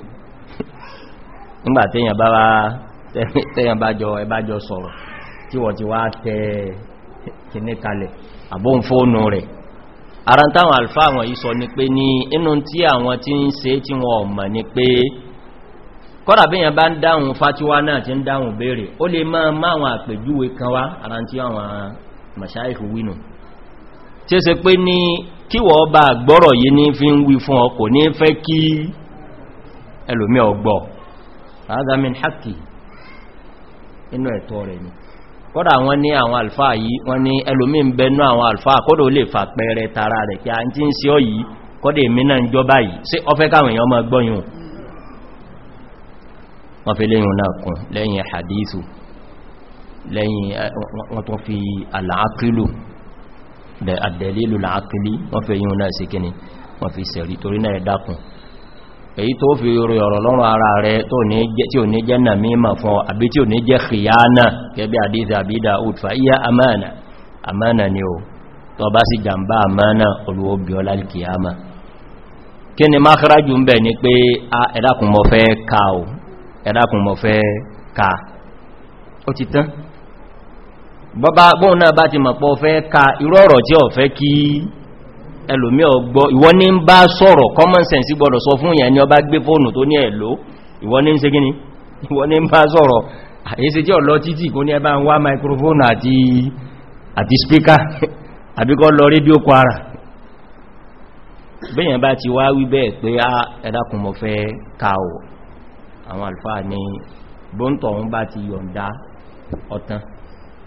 *laughs* nígbà tẹ́yàn *laughs* bá jọ sọ̀rọ̀ tí wọ́n ti wá tẹ kìní kalẹ̀ rẹ̀ ara táwọn alfa àwọn yìí sọ ni pé ní inú tí àwọn tí ń tí bá ń dáhùn fatiwa náà ti ń dáhùn béèrè ó lè máa máa àwọn àpèjúwe kan wá ara màṣáìkù wínú tí ó ṣe pé ní kíwọ ọba àgbọ́rọ̀ yìí ní fi ń wí fún ọkọ̀ ní fẹ́ kí ẹlòmí ọgbọ̀ adamin haki inú ẹ̀tọ́ rẹ̀ ni kọ́dà wọ́n ní àwọn alfa yìí wọ́n ní ẹlòmí ń bẹnú àwọn alfa kọ́dà ó lè fà pẹ̀rẹ tara rẹ̀ kí a ń tí ń sí ọ yìí kọ́dà èmi náà ń jọba yìí sí ọfẹ́ káwọn èèyàn mọ́ gbọ́yùn wọ́n fi léyìn náà kùn lẹ́yìn hadithu lẹ́yìn wọ́n tó fi àlàákílù àdẹ̀lélù làákílì wọ́n fẹ́ yíò náà sí ni wọ́n fi sẹ̀rí torí náà ẹ̀dàkùn èyí tó fi ọ̀rọ̀ lọ́rùn ara rẹ̀ tí ò ní jẹ́ nà mímọ̀ fún àbí tí ò ní jẹ́ khiyana iya amana amana ni o tó bá sì amana olówó bí ọlá kìyàmà kí ni mákàrájù ń bẹ̀ ni pé ẹ̀dàkùn ka o ti tán bọ́bá bóòn náà bá ti mọ̀pọ̀ fẹ́ ka irú ọ̀rọ̀ tí ọ fẹ́ kí ẹlòmí ọgbọ́ ìwọ́n ní ń bá sọ̀rọ̀ common sense gbọ́dọ̀ sọ fún ìyẹn ni ọba gbé fóònù tó ní ẹ̀lò ìwọ́n ní ń se gíní *laughs* ìwọ́n ní ń bá sọ̀rọ̀ títì *laughs*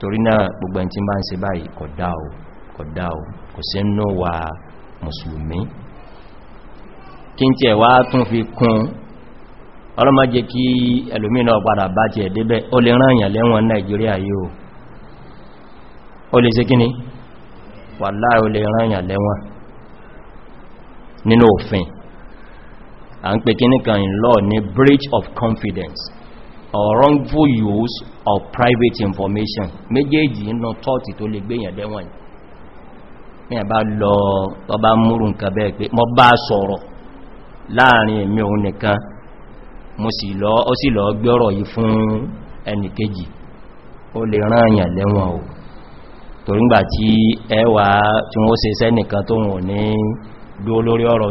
torí náà gbogbo ẹn tí bá ń ṣe báyìí kódà o kò sí ń wa mùsùlùmí kí n tẹ̀ wá tún fi kún ọlọ́mọ́jẹ́ kí ẹlòmínà padà bá ti ẹ̀dẹ́bẹ̀ ó lè rán ìyàn lẹ́wọ̀n Nàìjíríà yóò ó lè ṣe kíní wàláhì ó lè rán ìyàn lẹ́wọ̀n breach of confidence or wrongful use of private information méjèèjì inú tọ́ọ̀tì tó lè gbéyàn dẹ́wọ̀n ní ẹ̀bá lọ ọba múrù nǹkan bẹ́ẹ̀ pé mọ́ sọ̀rọ̀ láàrin èmi òun nìkan mo sì lọ ọ sì lọ gbọ́rọ̀ fún ẹnìkejì ó lè rán àyà lẹ́wọ̀n o torígbà tí ẹwà tí wọ́n se sẹ́nìkan tó ní dúó lórí ọ̀rọ̀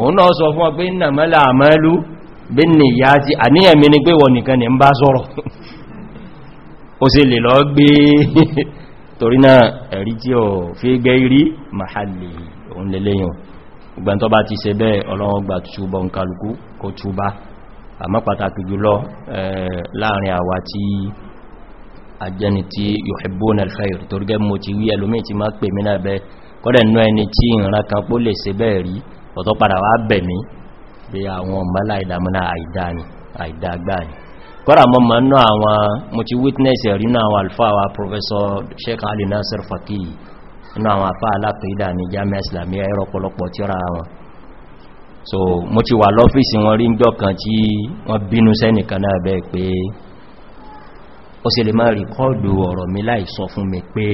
òun náà sọ fún ọ pé nàmọ́lá àmọ́lú bí ní ìyá ti àníyàmí ni pé wọ nìkan ni ń bá sọ́rọ̀ *laughs* ó sì lè lọ gbé *laughs* torí náà ẹ̀rí tí ó fi gẹ́ irí mahalli òun lè léyàn ìgbàn tó bá ti ṣe bẹ́ẹ̀ ọlọ́wọ́ gbà túbọ̀ ń kálukú kó túbá àmọ́ pàtàkì jùlọ láàrin àwa tí ajẹni tí yuhibbuna al ọ̀tọ́ padà wá bẹ̀ mí bí àwọn ọmọlá ìdàmúnà àìdàgbà ni kọ́rà mọ́ ma náà àwọn mo ti witness ẹ̀rí náà àwọn alfa wa professor sheikh ali nasir faki inú àwọn afá alápìídà ní jami'a islamiyya ẹ̀rọ pọ̀lọpọ̀ tí ra wọn so mo ti wà lọ́fíìsì wọn rí jọ kan tí wọ́n bínú sẹ́nìkan náà bẹ́ẹ̀ pé ó sì lè máa rìkọ́ọ̀dù ọ̀rọ̀ mi láì sọ fún mi pé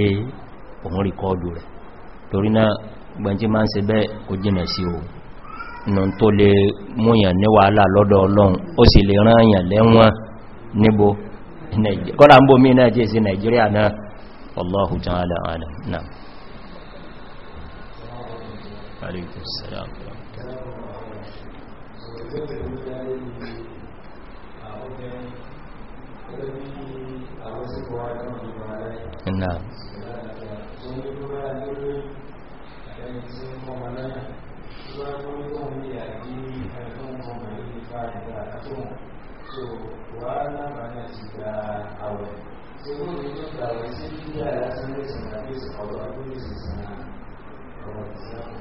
òun rìkọ́ọ̀dù rẹ̀ torí náà gbẹ̀ntí máa ń se bẹ́ kò sí o tó lè múyàn ní wàhálà lọ́dọ̀ ọlọ́run ó sì lè rán yàn lẹ́wọ́n níbo kọ́lá ń bò mí náà jẹ́ sí nàìjíríà náà ala àgbà àtọ́wọ̀n so wà á lábàá náà ti gba àwẹ̀ tí ó ní tó gba àwẹ̀ sí kíkẹ́ alásánlẹ̀sìn àti ìsọ̀rọ̀ àgbóyèsì sàn ọ̀rọ̀ ìsáàmù.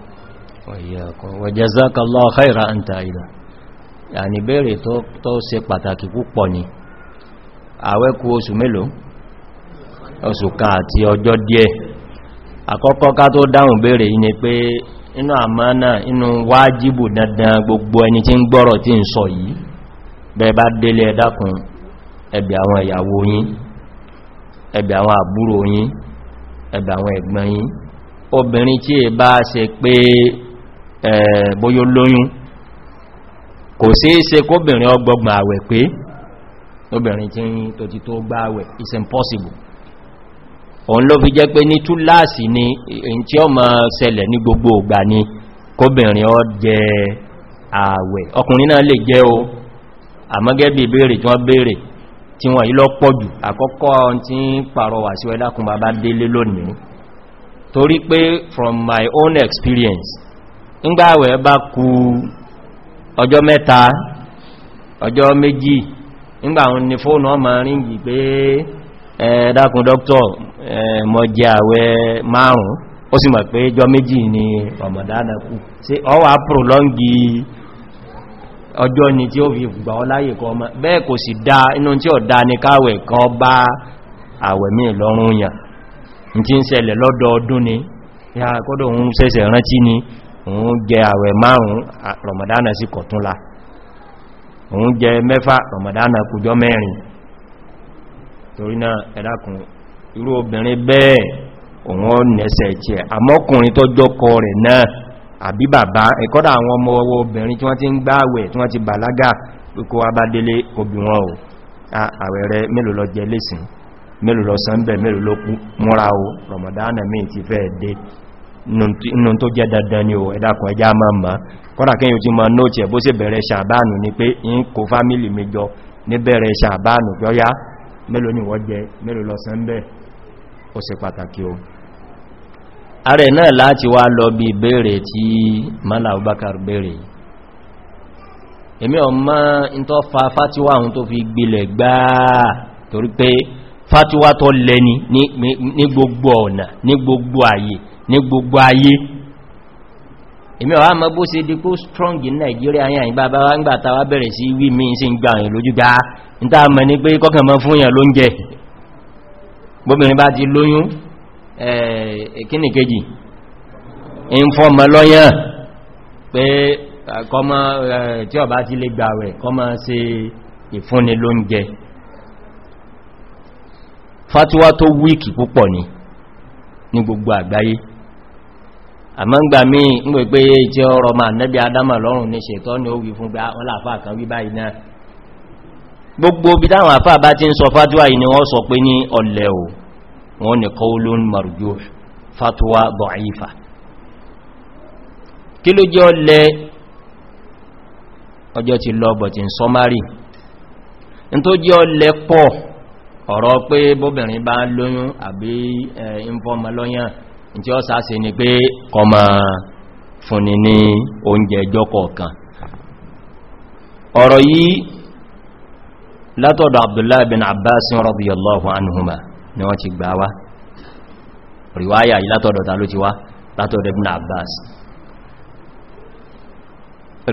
وإياكم وجزاك الله خيرا أنت أيضا يعني béèrè tó ṣe pàtàkì púpọ̀ ni àwẹ̀ kù oṣù mélòó oṣù kan àti ọjọ́ díẹ̀ àkọ́kọ́ ká tó dáhùn béèrè yìí ni pé inú àmánà inú wájíbù dandan gbogbo ẹni tí ń gbọ́rọ̀ tí ń sọ yìí bẹ́ẹ̀ bá délé ẹ dákun ẹ̀bẹ̀ àwọn ìyàwó yín ẹ̀bẹ̀ àwọn àbúrò yín ẹ̀bẹ̀ àwọn ẹ̀gbọ́n yín obìnrin tí è bá ṣe pé bóyó lóyún kò sí ṣe kóbìnrin ọgbọgbọ̀n àwẹ̀ pé obìnrin tí tó ti tó gbáwẹ̀ is impossible òun ló fi jẹ́ pé ní túláàsì ni èyí tí ó ma ṣẹlẹ̀ ní gbogbo ìgbà ni kóbìnrin ọ jẹ ààwẹ̀ ọkùnrin náà lè jẹ́ o àmọ́gẹ́bì ìbéèrè tí wọ́n béèrè tí wọ́n yí lọ́pọ̀ jù àkọ́kọ́ tí ń pàrọwà sí ẹlákùn bàbá délé lónìí torí pé from my own experience ngbàwẹ̀ bá ku ọjọ́ mẹ́ta ọjọ́ méjì ngbà òun ni fóònù ọmọ ríngì pé ẹ̀ẹ́dákun dọ́kítọ̀ mọ́ àwẹ́ márùn-ún ó sì mọ̀ pé ni kú sí prolongi ọjọ́ ni tí fi gbà ọ láyé kọ ọmọ bẹ́ẹ̀ kò sì dá inú tí ó dá ní káwẹ̀ kan bá àwẹ̀ mí lọ́rún yàn tí ń lọ́dọọdún ni ya kọ́dọ̀ òun sẹ́sẹ̀ rántí ni òun jẹ àwẹ̀ márùn-ún sí kọ̀túnla òun jẹ torí náà ẹ̀dàkùn irú obìnrin bẹ́ẹ̀ òun nẹ́sẹ̀ tí ẹ̀ àmọ́kùnrin tó jọ́kọ rẹ̀ náà àbí bàbá ẹ̀kọ́dà àwọn ọmọ ọwọ́ obìnrin tí wọ́n ti ń gbáwẹ̀ tí wọ́n ti bàlágà kó abádélé obì wọn o àwẹ̀ rẹ̀ mélòó lọ jẹ lẹ́sìn mélòó lọ sánbẹ̀ mélòó ló kú múra o ramadana mi ti pé ń mélòó ni wọ́n jẹ mélòó lọ sán bẹ́ ó ṣe pàtàkì o ààrẹ náà láti wá lọ bí béèrè tí mọ́lá Abubakar béèrè èmi ọmọ in fa fátíwá ohun tó fi gbilẹ̀ gbáà torí pé fátíwá tó lẹ́ni ní gbogbo ọ̀nà ní gbogbo ayé ní gbogbo ayé èmi ọ̀wá mọ́ bó ṣe dípò strong in Nigeria yàn bá wá ń gbà tàwà bẹ̀rẹ̀ sí wí mi sí ń gbà òyìn lójú gbáà níta mọ̀ ní pé kọ́kàn mọ́ fún èèyàn ló ń jẹ gbóbìnrin bá ti lóyún ẹ̀kínìkejì ń fọ́mọ lọ́yàn pé kọmọ tí ó bá ti lè gbà rẹ̀ kọmọ ṣe ìfúnni ló ń jẹ fatiwa tó wíkì púpọ̀ ni ní gbogbo àgbáyé àmọ́ ń gbà ń gbẹ̀ pé tí ọrọ̀ ma nẹ́bí adámà lọ́rùn ní ṣètọ́ ni ó wí fún gbá ọlá kan wí báyìí gbogbo bí dáwọn àfáà bá ti ń sọ fàtíwà yìí ni wọ́n sọ pé ní ọlẹ̀ o wọ́n ni kọulun marjú fàtíwà bọ̀ífà kí ló jẹ́ ọlẹ̀ ọjọ́ ti lọ́bọ̀ ti ń sọmárì in tó jẹ́ ọlẹ̀ pọ̀ ọ̀rọ̀ pé bóbìnrin bá lóyún àbí ìfọmọlọ́yàn ni látọ̀dọ̀ abdullahi bin abbas radiyallahu anhuma ni wọ́n ti gbà wá riwaya yìí látọ̀dọ̀ ta ló ti wá látọ̀dọ̀ ibn abbas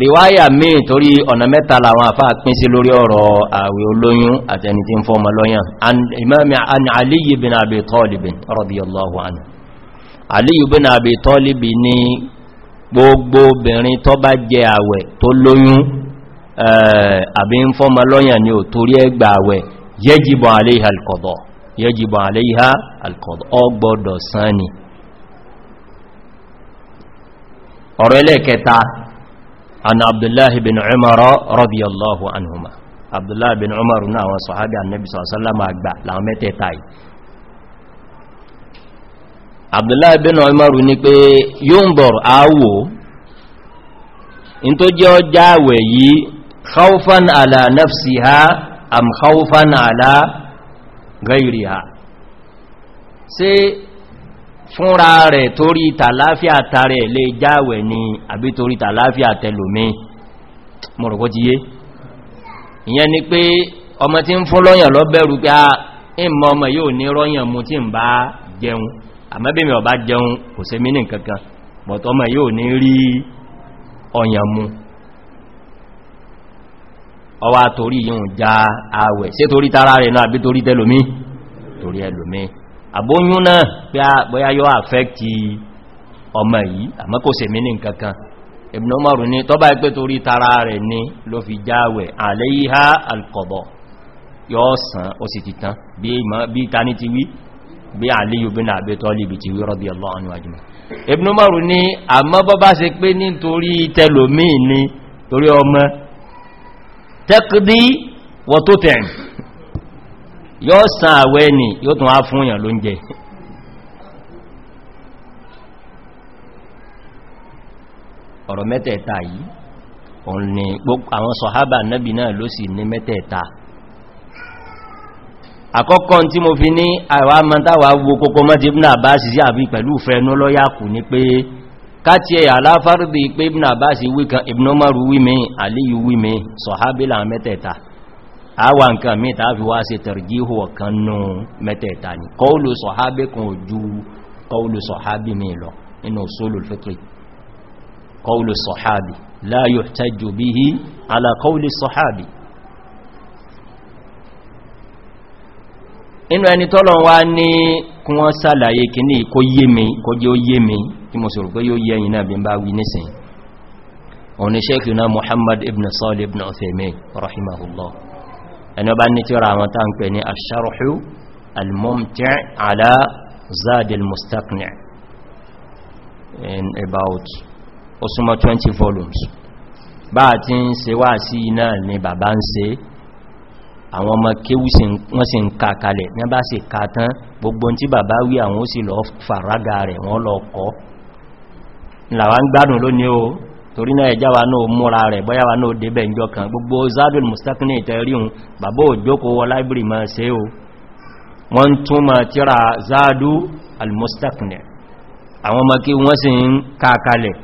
riwaya mi torí ọ̀nà mẹ́ta làwọn àfáà pín sí lórí ọ̀rọ̀ àwẹ̀ olóyún àtẹni tí ń fọ́mọ lọ́yàn an aliyu bin abi talibin radiyallahu anhu aliyu bin abi talibin ni Eh, àbí ń fọ́mọ lọ́yàn ni ò torí ẹgbà àwẹ̀ yẹ́jìbọn aléhà alkọ̀dọ̀ yẹ́jìbọn aléhà alkọ̀dọ̀ ọgbọ́dọ̀ sán ni ọ̀rọ̀ ẹlẹ́kẹta an abdullahi bin umar radiyallahu anhuma abdullahi bin umar na àwọn sahabi annabi sallallahu agba láwọn mẹ́tẹ̀ẹ̀ta yìí abdullahi bin umar ní pé yóò ń bọ̀rọ̀ àwò in tó jẹ́ ọjá àwẹ̀ yìí khaufan ala nafsiha am khaufan ala gairiha ṣe fúnra rẹ̀ torí tàláfíà tààrẹ lè jáwẹ̀ ni àbí torí tàláfíà tẹlòmí mọ̀rọ̀kọ́ ti yé ìyẹn ni pé ọmọ tí ń fún lọ́yàn lọ́bẹ̀rù pé a ah, ìmọ̀ ọmọ yóò ní rọ́yàn mú tí ń bá jẹun àmẹ́bẹ̀mí ọba jẹun kò se mí nìkankan bọ̀tọ́mọ yóò ní rí ọ̀yàn mú ọwá torí yíò já àwẹ̀ sí torí tara rẹ̀ náà bí torí tẹ́lòmí torí ẹlòmí àbóyún náà pé bóyá yóò àfẹ́kì ọmọ yìí àmọ́ kò sèmí ní nkankan Ibn Umar ní tọ́bá ẹgbẹ́ torí tara rẹ̀ ní ló fi jáwẹ̀ àlẹ́yíhá alkọ̀bọ̀ yóò sàn ó sì títán bí tani ti wí bí Aliyu bin Abi Talib ti wí radiyallahu anhu tẹ́kìdí wọ́n tó tẹ̀ yóò san àwẹ́ ni yóò tún á fún èèyàn ló ń jẹ ọ̀rọ̀ mẹ́tẹ̀ẹ̀ta yìí òun ni àwọn sọ̀hábà náàbì náà ló sì ní mẹ́tẹ̀ẹ̀ta àkọ́kọ́ tí mo fi ní àwọn amantáwà wo mọ́ ti náà bá sì sí àbí pẹ̀lú ìfẹ́ ẹnú lọ́yà pé káti ẹ̀yà aláfárúdì pé ibn abbas wíkan ibn omaru wími aliyu wími sọ̀hábílà mẹ́tẹ̀ẹ̀ta àwà nǹkan mẹ́ta fi wá sí tẹ̀rìjíhù ọ̀kan nù mẹ́tẹ̀ẹ̀ta ni kọlù sọ̀hábí kan ojú kọlù sọ̀hábí mi lọ inú sólù fẹ́kì kọlù sọ̀hábí la yuhtaju bihi ala kọlù sọ̀hábí inú ẹni tọ́lọ wá ní kún wọ́n sálàyé kìíní kó yé mi kó jẹ́ ó yé mi tí mo sọ̀rọ̀ pé yóò yẹ yìí náà bí n bá wí nísìn ọ̀nà sheikh na muhammad ibn sọ́lì ibn ọ̀fẹ́mẹ́ rahimahullah ẹni ọba ní about osuma 20 volumes bá ti ń ṣe wá sí náà ni bàbá ń ṣe àwọn ọmọ kéwú wọ́n sì ń ka kalẹ̀ ní bá sì ka tán gbogbo tí bàbá wí àwọn ó sì lọ fàrágà rẹ̀ wọ́n lọ kọ́ làwọn gbádùn lónìí o torí náà ẹjá wa náà múra rẹ̀ bọ́yá wa náà débẹ̀ ìjọ kan gbogbo zadul mustaqni ìtẹ̀ríhun bàbá òjókó wọ láìbìrì máa ṣe o wọ́n tún ma tíra zadu al-mustaqni àwọn ọmọ kí wọ́n sì ń kàkalẹ̀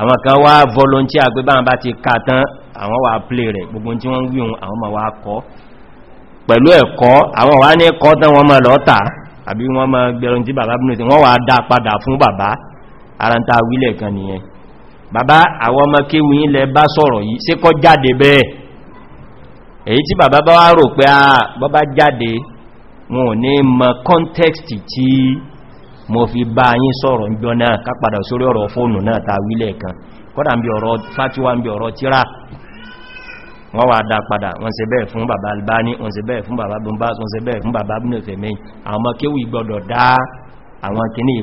àwọn kan wá volunteer pé bá bá ti kàtán àwọn wà play rẹ̀ gbogbo tí wọ́n wíhun àwọn ma wá kọ́ pẹ̀lú ẹ̀kọ́ ara ń ta wílẹ̀ kan bàbá àwọn ọmọ kéwì bá sọ̀rọ̀ yìí sí kọ́ jáde bẹ́ẹ̀ èyí tí bàbá bá wá rò pé a ah, bọ́bá jáde wọn ò ní mọ tí mo fi bá yín sọ̀rọ̀ ń náà kápadà sórí ọ̀rọ̀ fóònù náà ta wílẹ̀ kan kọ́dà ń bí ọ̀rọ̀ fátíwá ń bí ọ̀rọ̀ tíra wọ́n wà dá padà wọ́n se bẹ́ẹ̀ fún bàbá albani wọ́n se bẹ́ẹ̀ fún bàbá bumbas wọ́n se bẹ́ẹ̀ fún bàbá bínú àwọn ọmọ kéwì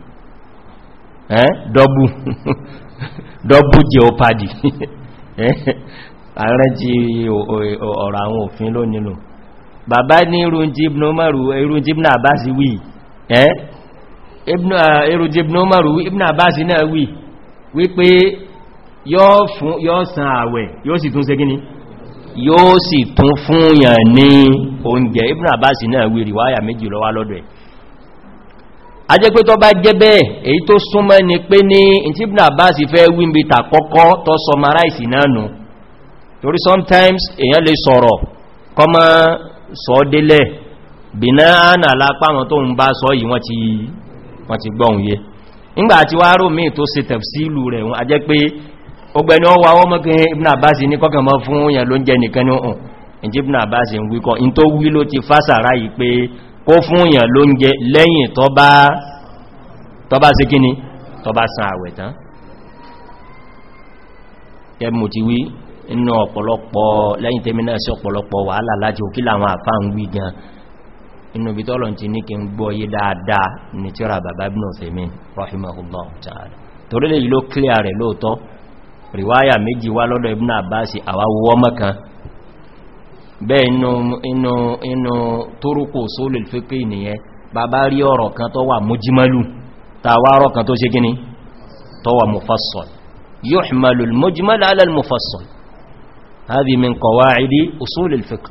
dọ́bù *laughs* eh? dobu *laughs* jeopardy ààrẹ *laughs* eh? ti ọ̀rọ̀ àwọn òfin ló nílò bàbá ní irunjibin omaru irunjibin abasi wí eh? ah, irunjibin omaru ibnu abasi náà wí wípé yóò san àwẹ̀ yóò sì tún ṣe gíní yóò sì tún fún yàn ní oúnjẹ ibn abasi náà wí ríwáyà méjì lọ́wọ́ lọ́dọ̀ ẹ̀ a jẹ́ pé tó bá jẹ́ bẹ́ẹ̀ èyí tó súnmọ́ ni pé ní ìtìbìnà bá sì fẹ́ wímbi tàkọ́kọ́ tó sọmaráìsì náà nù torí sometimes èyàn lè sọ̀rọ̀ kọmọ sọ délẹ̀ bìná ánà alápáwọn tó ń bá sọ yìí wọ́n ti gbọ́n yẹ nígbà tí wá rò mí tó se tẹ̀fsílù rẹ̀ a jẹ́ pé ọgbẹ̀ni ọwọ́ àwọn ọmọkùnrin ibn abbas ní kọ́kàn mọ́ fún òyìn ló ń jẹ nìkan ní ọ̀hún ìjíbìnà abbas ń wíkọ́ in tó wí ló ti fásàrá yìí pé kó fún èèyàn ló ń jẹ lẹ́yìn tó bá ṣe kíni tó bá san àwẹ̀ tán ẹmù ti wí inú ọ̀pọ̀lọpọ̀ lẹ́yìn tẹ́mínà sí ọ̀pọ̀lọpọ̀ wàhálà láti òkí làwọn àfá ń wí gan inú bí tọ́lọ̀ ti ní kí ń gbọ́ yí dáadáa ní tíra bàbá ibn Uthaymin rahimahullah ta'ala torí bẹ́ inú tórókò sólè fíkí nìyẹn bàbá rí ọ̀rọ̀ kan tó wà mújímálù tàwárọ̀ kan tó ṣe gíní tó wà mufassal yuhmalu al-mujmal ala al-mufassal hadhi min qawa'idi usul al-fiqh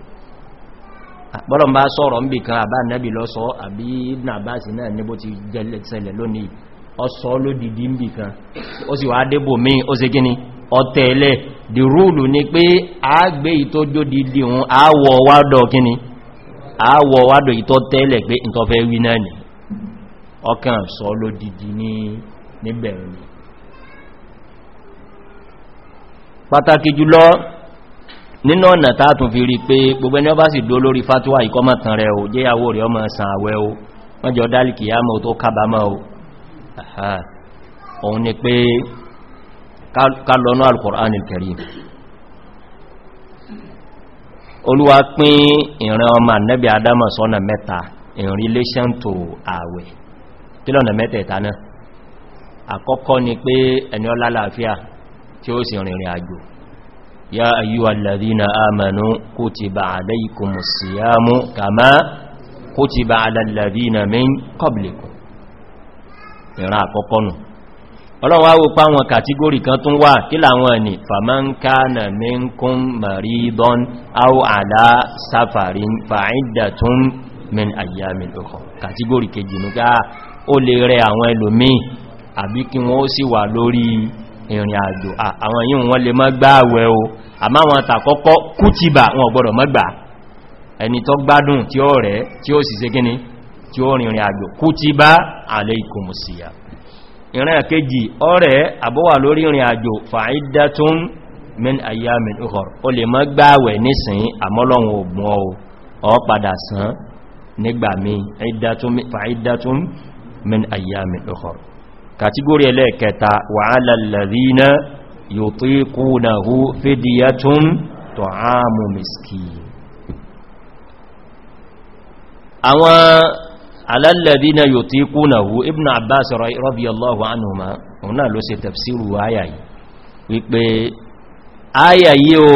bọ́lọ̀n bá sọ́rọ̀ ń bí kan àbá nẹ́bì lọ́sọ́ àbí ibn abbas náà níbo ti jẹ́lẹ̀sẹ̀lẹ̀ lónìí ọsọ́ lódìdí ń bí kan ó sì wà débò mí ó sì gíní ọ̀tẹ̀ẹ̀lẹ̀ di ni pé a gbé ìtọ́jọ́ dìdì òun àwọ̀ wádọ̀ kíni àwọ̀ wádọ̀ ìtọ́ tẹ́lẹ̀ pé ìtọ́ fẹ́ wí náà ni ọkàn sọ ló dìdì ní níbẹ̀rẹ̀ ni pàtàkì jùlọ nínú ọ̀nà tààtùn fi rí pé gbogbo ẹni fatuwa ìkọmọ̀tàn rẹ̀ o jẹ́yàwó rẹ̀ ọmọ sàn àwẹ́ o mọ́jọ dálìkì yá tó kábàmọ́ o aha ni pé kálọ̀nà al-Qur'an al-Karim olúwa pín ìran ọmọ annabi adama sọ́nà mẹ́ta in relation to àwẹ̀ kí lọ́nà mẹ́tẹ̀ẹ̀ta náà àkọ́kọ́ ni pé ẹni ọlá láàfíà tí ó sì rìnrìn àjò ya ayyuhal ladhina amanu kutiba alaykumus siyamu kama kutiba alal ladhina min qablikum ìran àkọ́kọ́ nù ọlọ́run wá wípa àwọn kàtígórì kan tún wà kí làwọn ẹni fàmáńká na mẹ́kún maridon au àdá safari fa'ida tún min ayyami lọ́kọ̀ kàtígórì kejì ní ká ah, ó lè rẹ àwọn ẹlòmí àbí kí wọ́n sì wà lórí ìrìn àjò àwọn yíò wọ́n lè mọ́gbà àwẹ̀ o àmá wọn tàkọ́kọ́ kútìbà wọn gbọ́dọ̀ ìran àkéjì ọ̀rẹ́ àbọ́wà lórí ìrìn àjò fa'iddatun min ayyamin ukhar o lè má gbààwẹ̀ nísìn àmọ́lọ́run ògbùn ọ ọ padà san nígbà mi fa'iddatun min ayyamin ukhar kàtígórí ẹlẹ́ẹ̀kẹta wa 'ala alladhina yutiqunahu alálẹ̀dínà yóò tí kú na hù ibn abbas rọ́bí allahu anhuma òun náà ló se tafsiru ayayi wípé ayayi o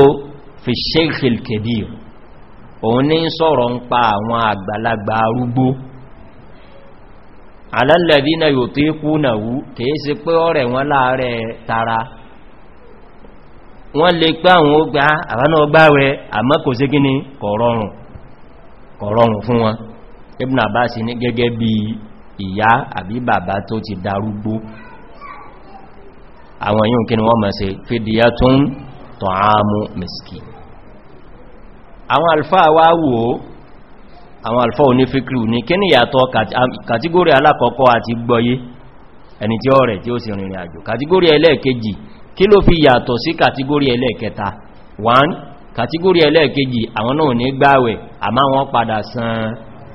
fi sheikhil kebir òun ní sọ́rọ̀ ń pa àwọn àgbàlagbà arúgbó alálẹ̀dínà yóò tí kú na hù kìí sí pé ọ̀rẹ̀ wọn láàrẹ tara wọ́n lè pé àwọn ó àwọn náà gbáwẹ́ àmọ́ kò sí gíní kọ̀rọrùn fún wọn ibn abbas ni gẹ́gẹ́ bí ìyá àbí bàbá tó ti darúgbó àwọn yíò kí ni wọ́n mọ̀ sí fidiyatun ta'amu miskin àwọn alfáà wá wò àwọn alfáà onífikru ní kí ni yàtọ̀ kàtígórí alákọ̀ọ́kọ́ àti gbọ́yé ẹni tí ó rẹ̀ tí ó sì rìnrìn àjò kàtígórí ẹlẹ́ẹ̀kejì kí ló fi yàtọ̀ sí kàtígórí ẹlẹ́ẹ̀kẹta 1 kàtígórí ẹlẹ́ẹ̀kejì àwọn náà ní gbáwẹ̀ àmá wọn padà san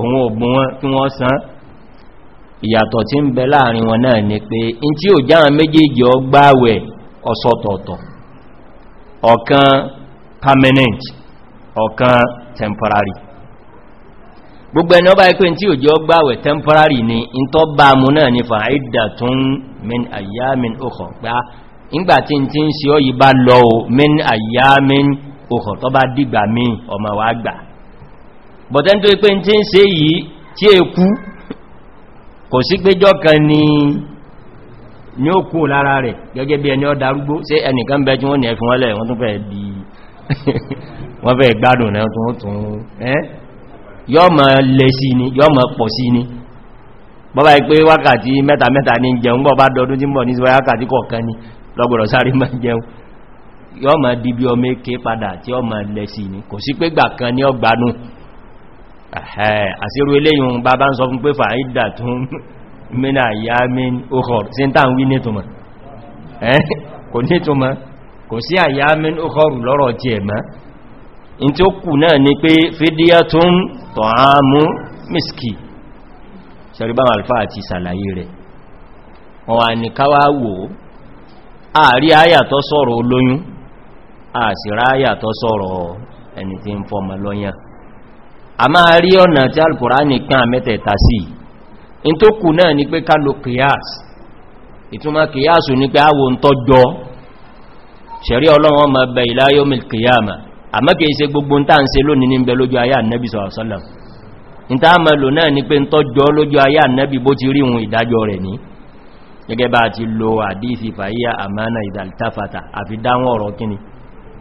òun ògbùn wọn kí wọ́n san ìyàtọ̀ tí ń bẹ láàrin wọn náà ni pé in tí ò jáwọn méjèèjì ọgbáwẹ̀ ọ̀sọ̀tọ̀ọ̀tọ̀ ọ̀kan permanent ọ̀kan temporary gbogbo ẹni ọba ikú tí ò jẹ́ ọgbáwẹ̀ temporary ni in tó bá mú náà ni fa iddatun min ayyamin ukhra pá ìgbà tí tí ń ṣe ọ yìí bá lọ min ayyamin ukhra tó bá dìgbà míì ọmọ wa gbà bọ̀tẹ́ tó pé tí ń ṣe yìí tí è kú kò sí péjọ́ kan ni ní ó kú lára rẹ̀ gẹ́gẹ́ bí ẹni ọdá arúgbó sí ẹnìkan bẹ́ tí wọ́n ní ẹfún wọ́lẹ̀ wọ́n tún fẹ́ di *laughs* wọ́n fẹ́ gbádùn náà tún yọ́ mọ̀ ni yọ́ mọ̀ pọ̀ sí ni bọ́bá ipé wákàtí mẹ́ta mẹ́ta ní jẹun bọ́ bá dọdún tí mọ̀ ní wákàtí kọ̀ọ̀kan ni lọ́gbọ̀rọ̀ sáré mọ́ di bí ọmọ èké padà tí ọ mọ̀ ni kò sí pé gbà kan ní ọgbànú àṣírò eléyìn bàbá ń sọ fún pé fàídà tó mẹ́nà ìyá mẹ́ni òkọ̀ tí ń tàn wí nítùmọ̀ kò nítùmọ̀ kò sí àyá mẹ́ni òkọrù lọ́rọ̀ in tí ó kù náà ni pé tó ń tọ̀hámú miski alfa a máa rí ọ̀nà tí alkùránì kan mẹ́tẹ̀ẹ̀ta sí in tó kù náà ni pé ká lo kìyàs ìtumọ̀ kìyàsù ní pé áwò ń tọ́jọ́ ṣẹ̀rí ọlọ́wọ́n ma bẹ̀ ìláyọ́mìl kìyàmà àmọ́ kìí ṣe gbogbo ta ń gẹ́gẹ́ bá ti lo àdífi fàíyà àmánà ìdàltáfàtà àfi dáwọn ọ̀rọ̀ kíni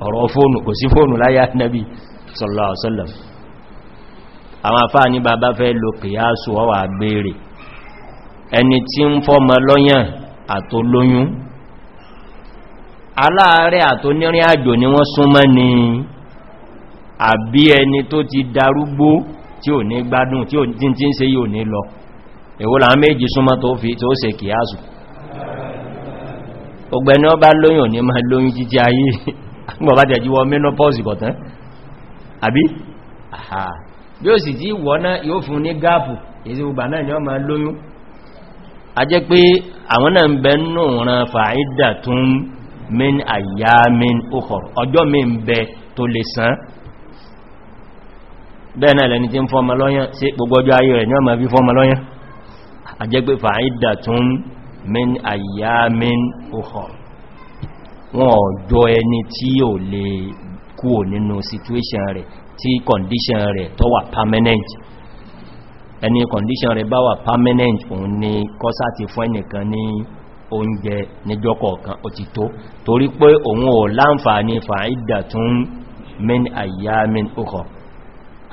ọ̀rọ̀ fóònù kò sí fóònù láyá nẹ́bí sọ̀rọ̀sọ́lọ̀ àwọn àfáà ní bàbá fẹ́ lo kìyásù ọwà gbèrè ẹni tí ń fọ́mọ lọ́yàn àtolóyún aláàrẹ àtonírin àjò ni wọ́n súnmọ́ ni àbí ẹni tó ti darúgbó tí ò ní gbádùn tí ò tí tí ń se yíò ní lọ èwo làwọn méjì súnmọ́ tó fi tó se kìyásù *laughs* àbí àhà bí ó sì tí wọ́n náà yóò fún ní gáàpù èsì gbogbo náà ni wọ́n máa lóyún a jẹ́ pé àwọn náà ń bẹ nù ran fàídà tún min àyà min òkọ̀ ọjọ́ mi ń bẹ tó lè sán bẹ́ẹ̀ náà lẹni tí ń fọ́mọ lọ́yán sí gbogbo ọjọ́ ayé rẹ̀ ní ọmọ bí fọ́mọ lọ́yán a jẹ́ pé fàídà tún min àyà min òkọ̀ wọn ọjọ́ ẹni tí ò lè kúò nínú situation rẹ̀ tí condition rẹ̀ tó wà permanent ẹni condition rẹ̀ bá wà permanent òun ni kọ́sá ti fún ẹnìkan ní oúnjẹ níjọ́kọ̀ọ̀kan ó ti tó torí pé òun ò láǹfààní fàídà tún min àyà min ọkọ̀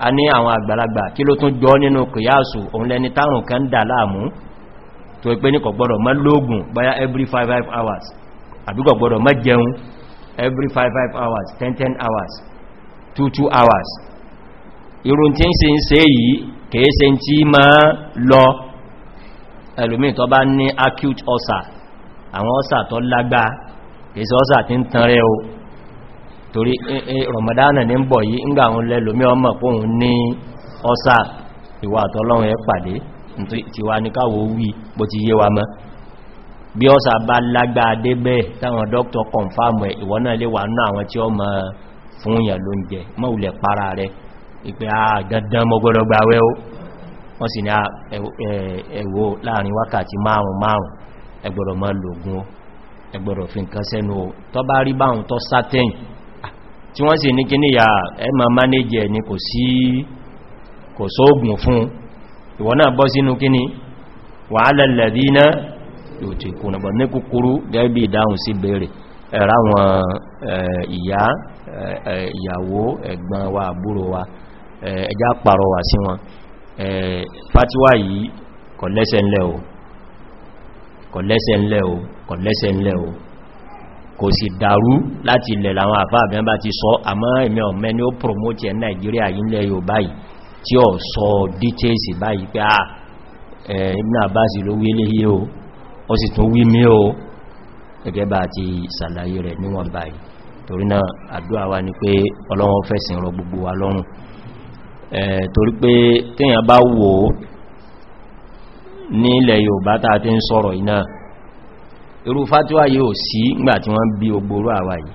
a ní àwọn àgbàlagbà kí ló tún jọ nínú kìyàsù òun lẹni tárùn kan dà láàmú tó pé ní kọ̀gbọ́dọ̀ mọ́ lóògùn báyá every 5 hours àbíkọ̀gbọ́dọ̀ mọ́ jẹun every 5 hours 10 10 hours two two hours irun tí ń se ń se yìí kèése tí ma lọ ẹlòmíì tó bá ní acute ulcer àwọn ulcer tó lágbá kèése ulcer tí ń tan o torí ramadana ní ń bọ̀ yìí ń gbàun lẹ́lòmí ọmọ pòun ní ulcer ìwà àtọ́lọ́run ẹ pàdé ní káwò wí bó ti yé wa mọ́ bí ulcer bá lágbá táwọn fún yàn ló ń jẹ mọ́ulẹ̀ para rẹ̀ ìpé àdandan mọ́gbọ́dọ̀ gbàwẹ̀ ó wọ́n sì ní ẹ̀wọ́ láàrin wákàtí márùn márùn ẹgbọ̀rọ̀ mọ́ lògùn ó ẹgbọ̀rọ̀ fi nǹkan sẹ́nu ó tọ́ bá rí báhùn tọ́ sátẹ́yìn tí wọ́n sì ní kí ni kò sí kò sóògùn fún ni wàhálẹ̀lẹ̀ rí náà yóò ti kùnàbọ̀ ní kúkúrú gẹ́gbì ẹ̀ráwọn ìyá ìyàwó ẹ̀gbọ́n wa àbúrò wa ẹjá pàrọwà sí wọn fàtíwà yìí kò lẹ́sẹ̀ ńlẹ̀ o kò lẹ́sẹ̀ ńlẹ̀ o kò lẹ́sẹ̀ o kò sì dárú láti ilẹ̀ làwọn àfáàbẹ́ bá ti sọ àmọ́ ìmẹ́ ọ̀mẹ́ ni ó promote ẹ̀ nàìjíríà yìí yóò báyìí tí sọ details báyìí pé ah, bá sì ló wí o ó sì tún wí mí o gẹ́gẹ́ bá ti sàlàyé rẹ̀ níwọ̀n báyìí torí náà àdúwà wá ní pé ọlọ́run fẹ́sìn rọ gbogbo wa lọ́rùn torí pé tíyàn bá wò ó ní ilẹ̀ Yorùbá tàà tí ń sọ̀rọ̀ iná irú fàtíwà yóò sí ngbà tí wọ́n bí ogboro àwà yìí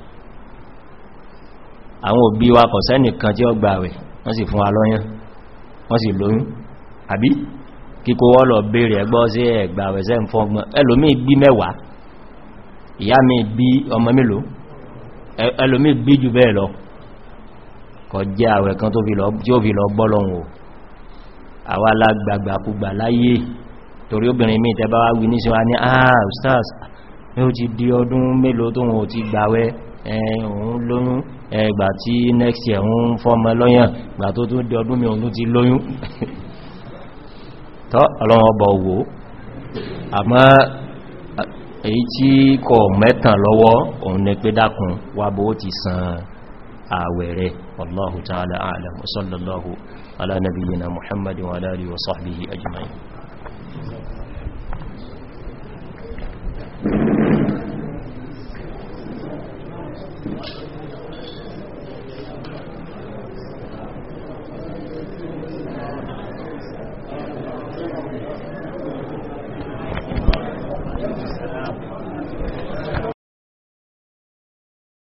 àwọn òbí wa kọ̀ sẹ́nìkan tí ó gbà rẹ̀ wọ́n sì fún wa wọ́n sì lóyún àbí kíkó wọ́lọ̀ béèrè ẹgbọ́ sí ẹgbà rẹ̀ sẹ́ ń fọ́gbọ́n ẹlòmí gbí mẹ́wàá ìyá mi bí ọmọ mélòó ẹlòmí bí jù bẹ́ẹ̀ lọ kọ jẹ́ àwẹ̀ kan tó fi lọ gbọ́lọ́hun o àwa lágbàgbàkúgbà láyé torí obìnrin mi tẹ́ bá wá wí níṣẹ́ wá ní ah stars ní ó ti di ọdún mélòó tó wọn ò ti gbàwẹ̀ ẹ̀hùn next year ń fọ́mọ lọ́yàn gbà tó tún di ọdún mi òun ti *laughs* èyí tí kọ mẹ́tàn lọ́wọ́ òun ni pé dákun wà bó ti san àwẹ̀ rẹ̀ wallahu ta'ala a'lam sallallahu ala nabiyyina muhammadin wa alihi wa sahbihi ajma'in Thank you.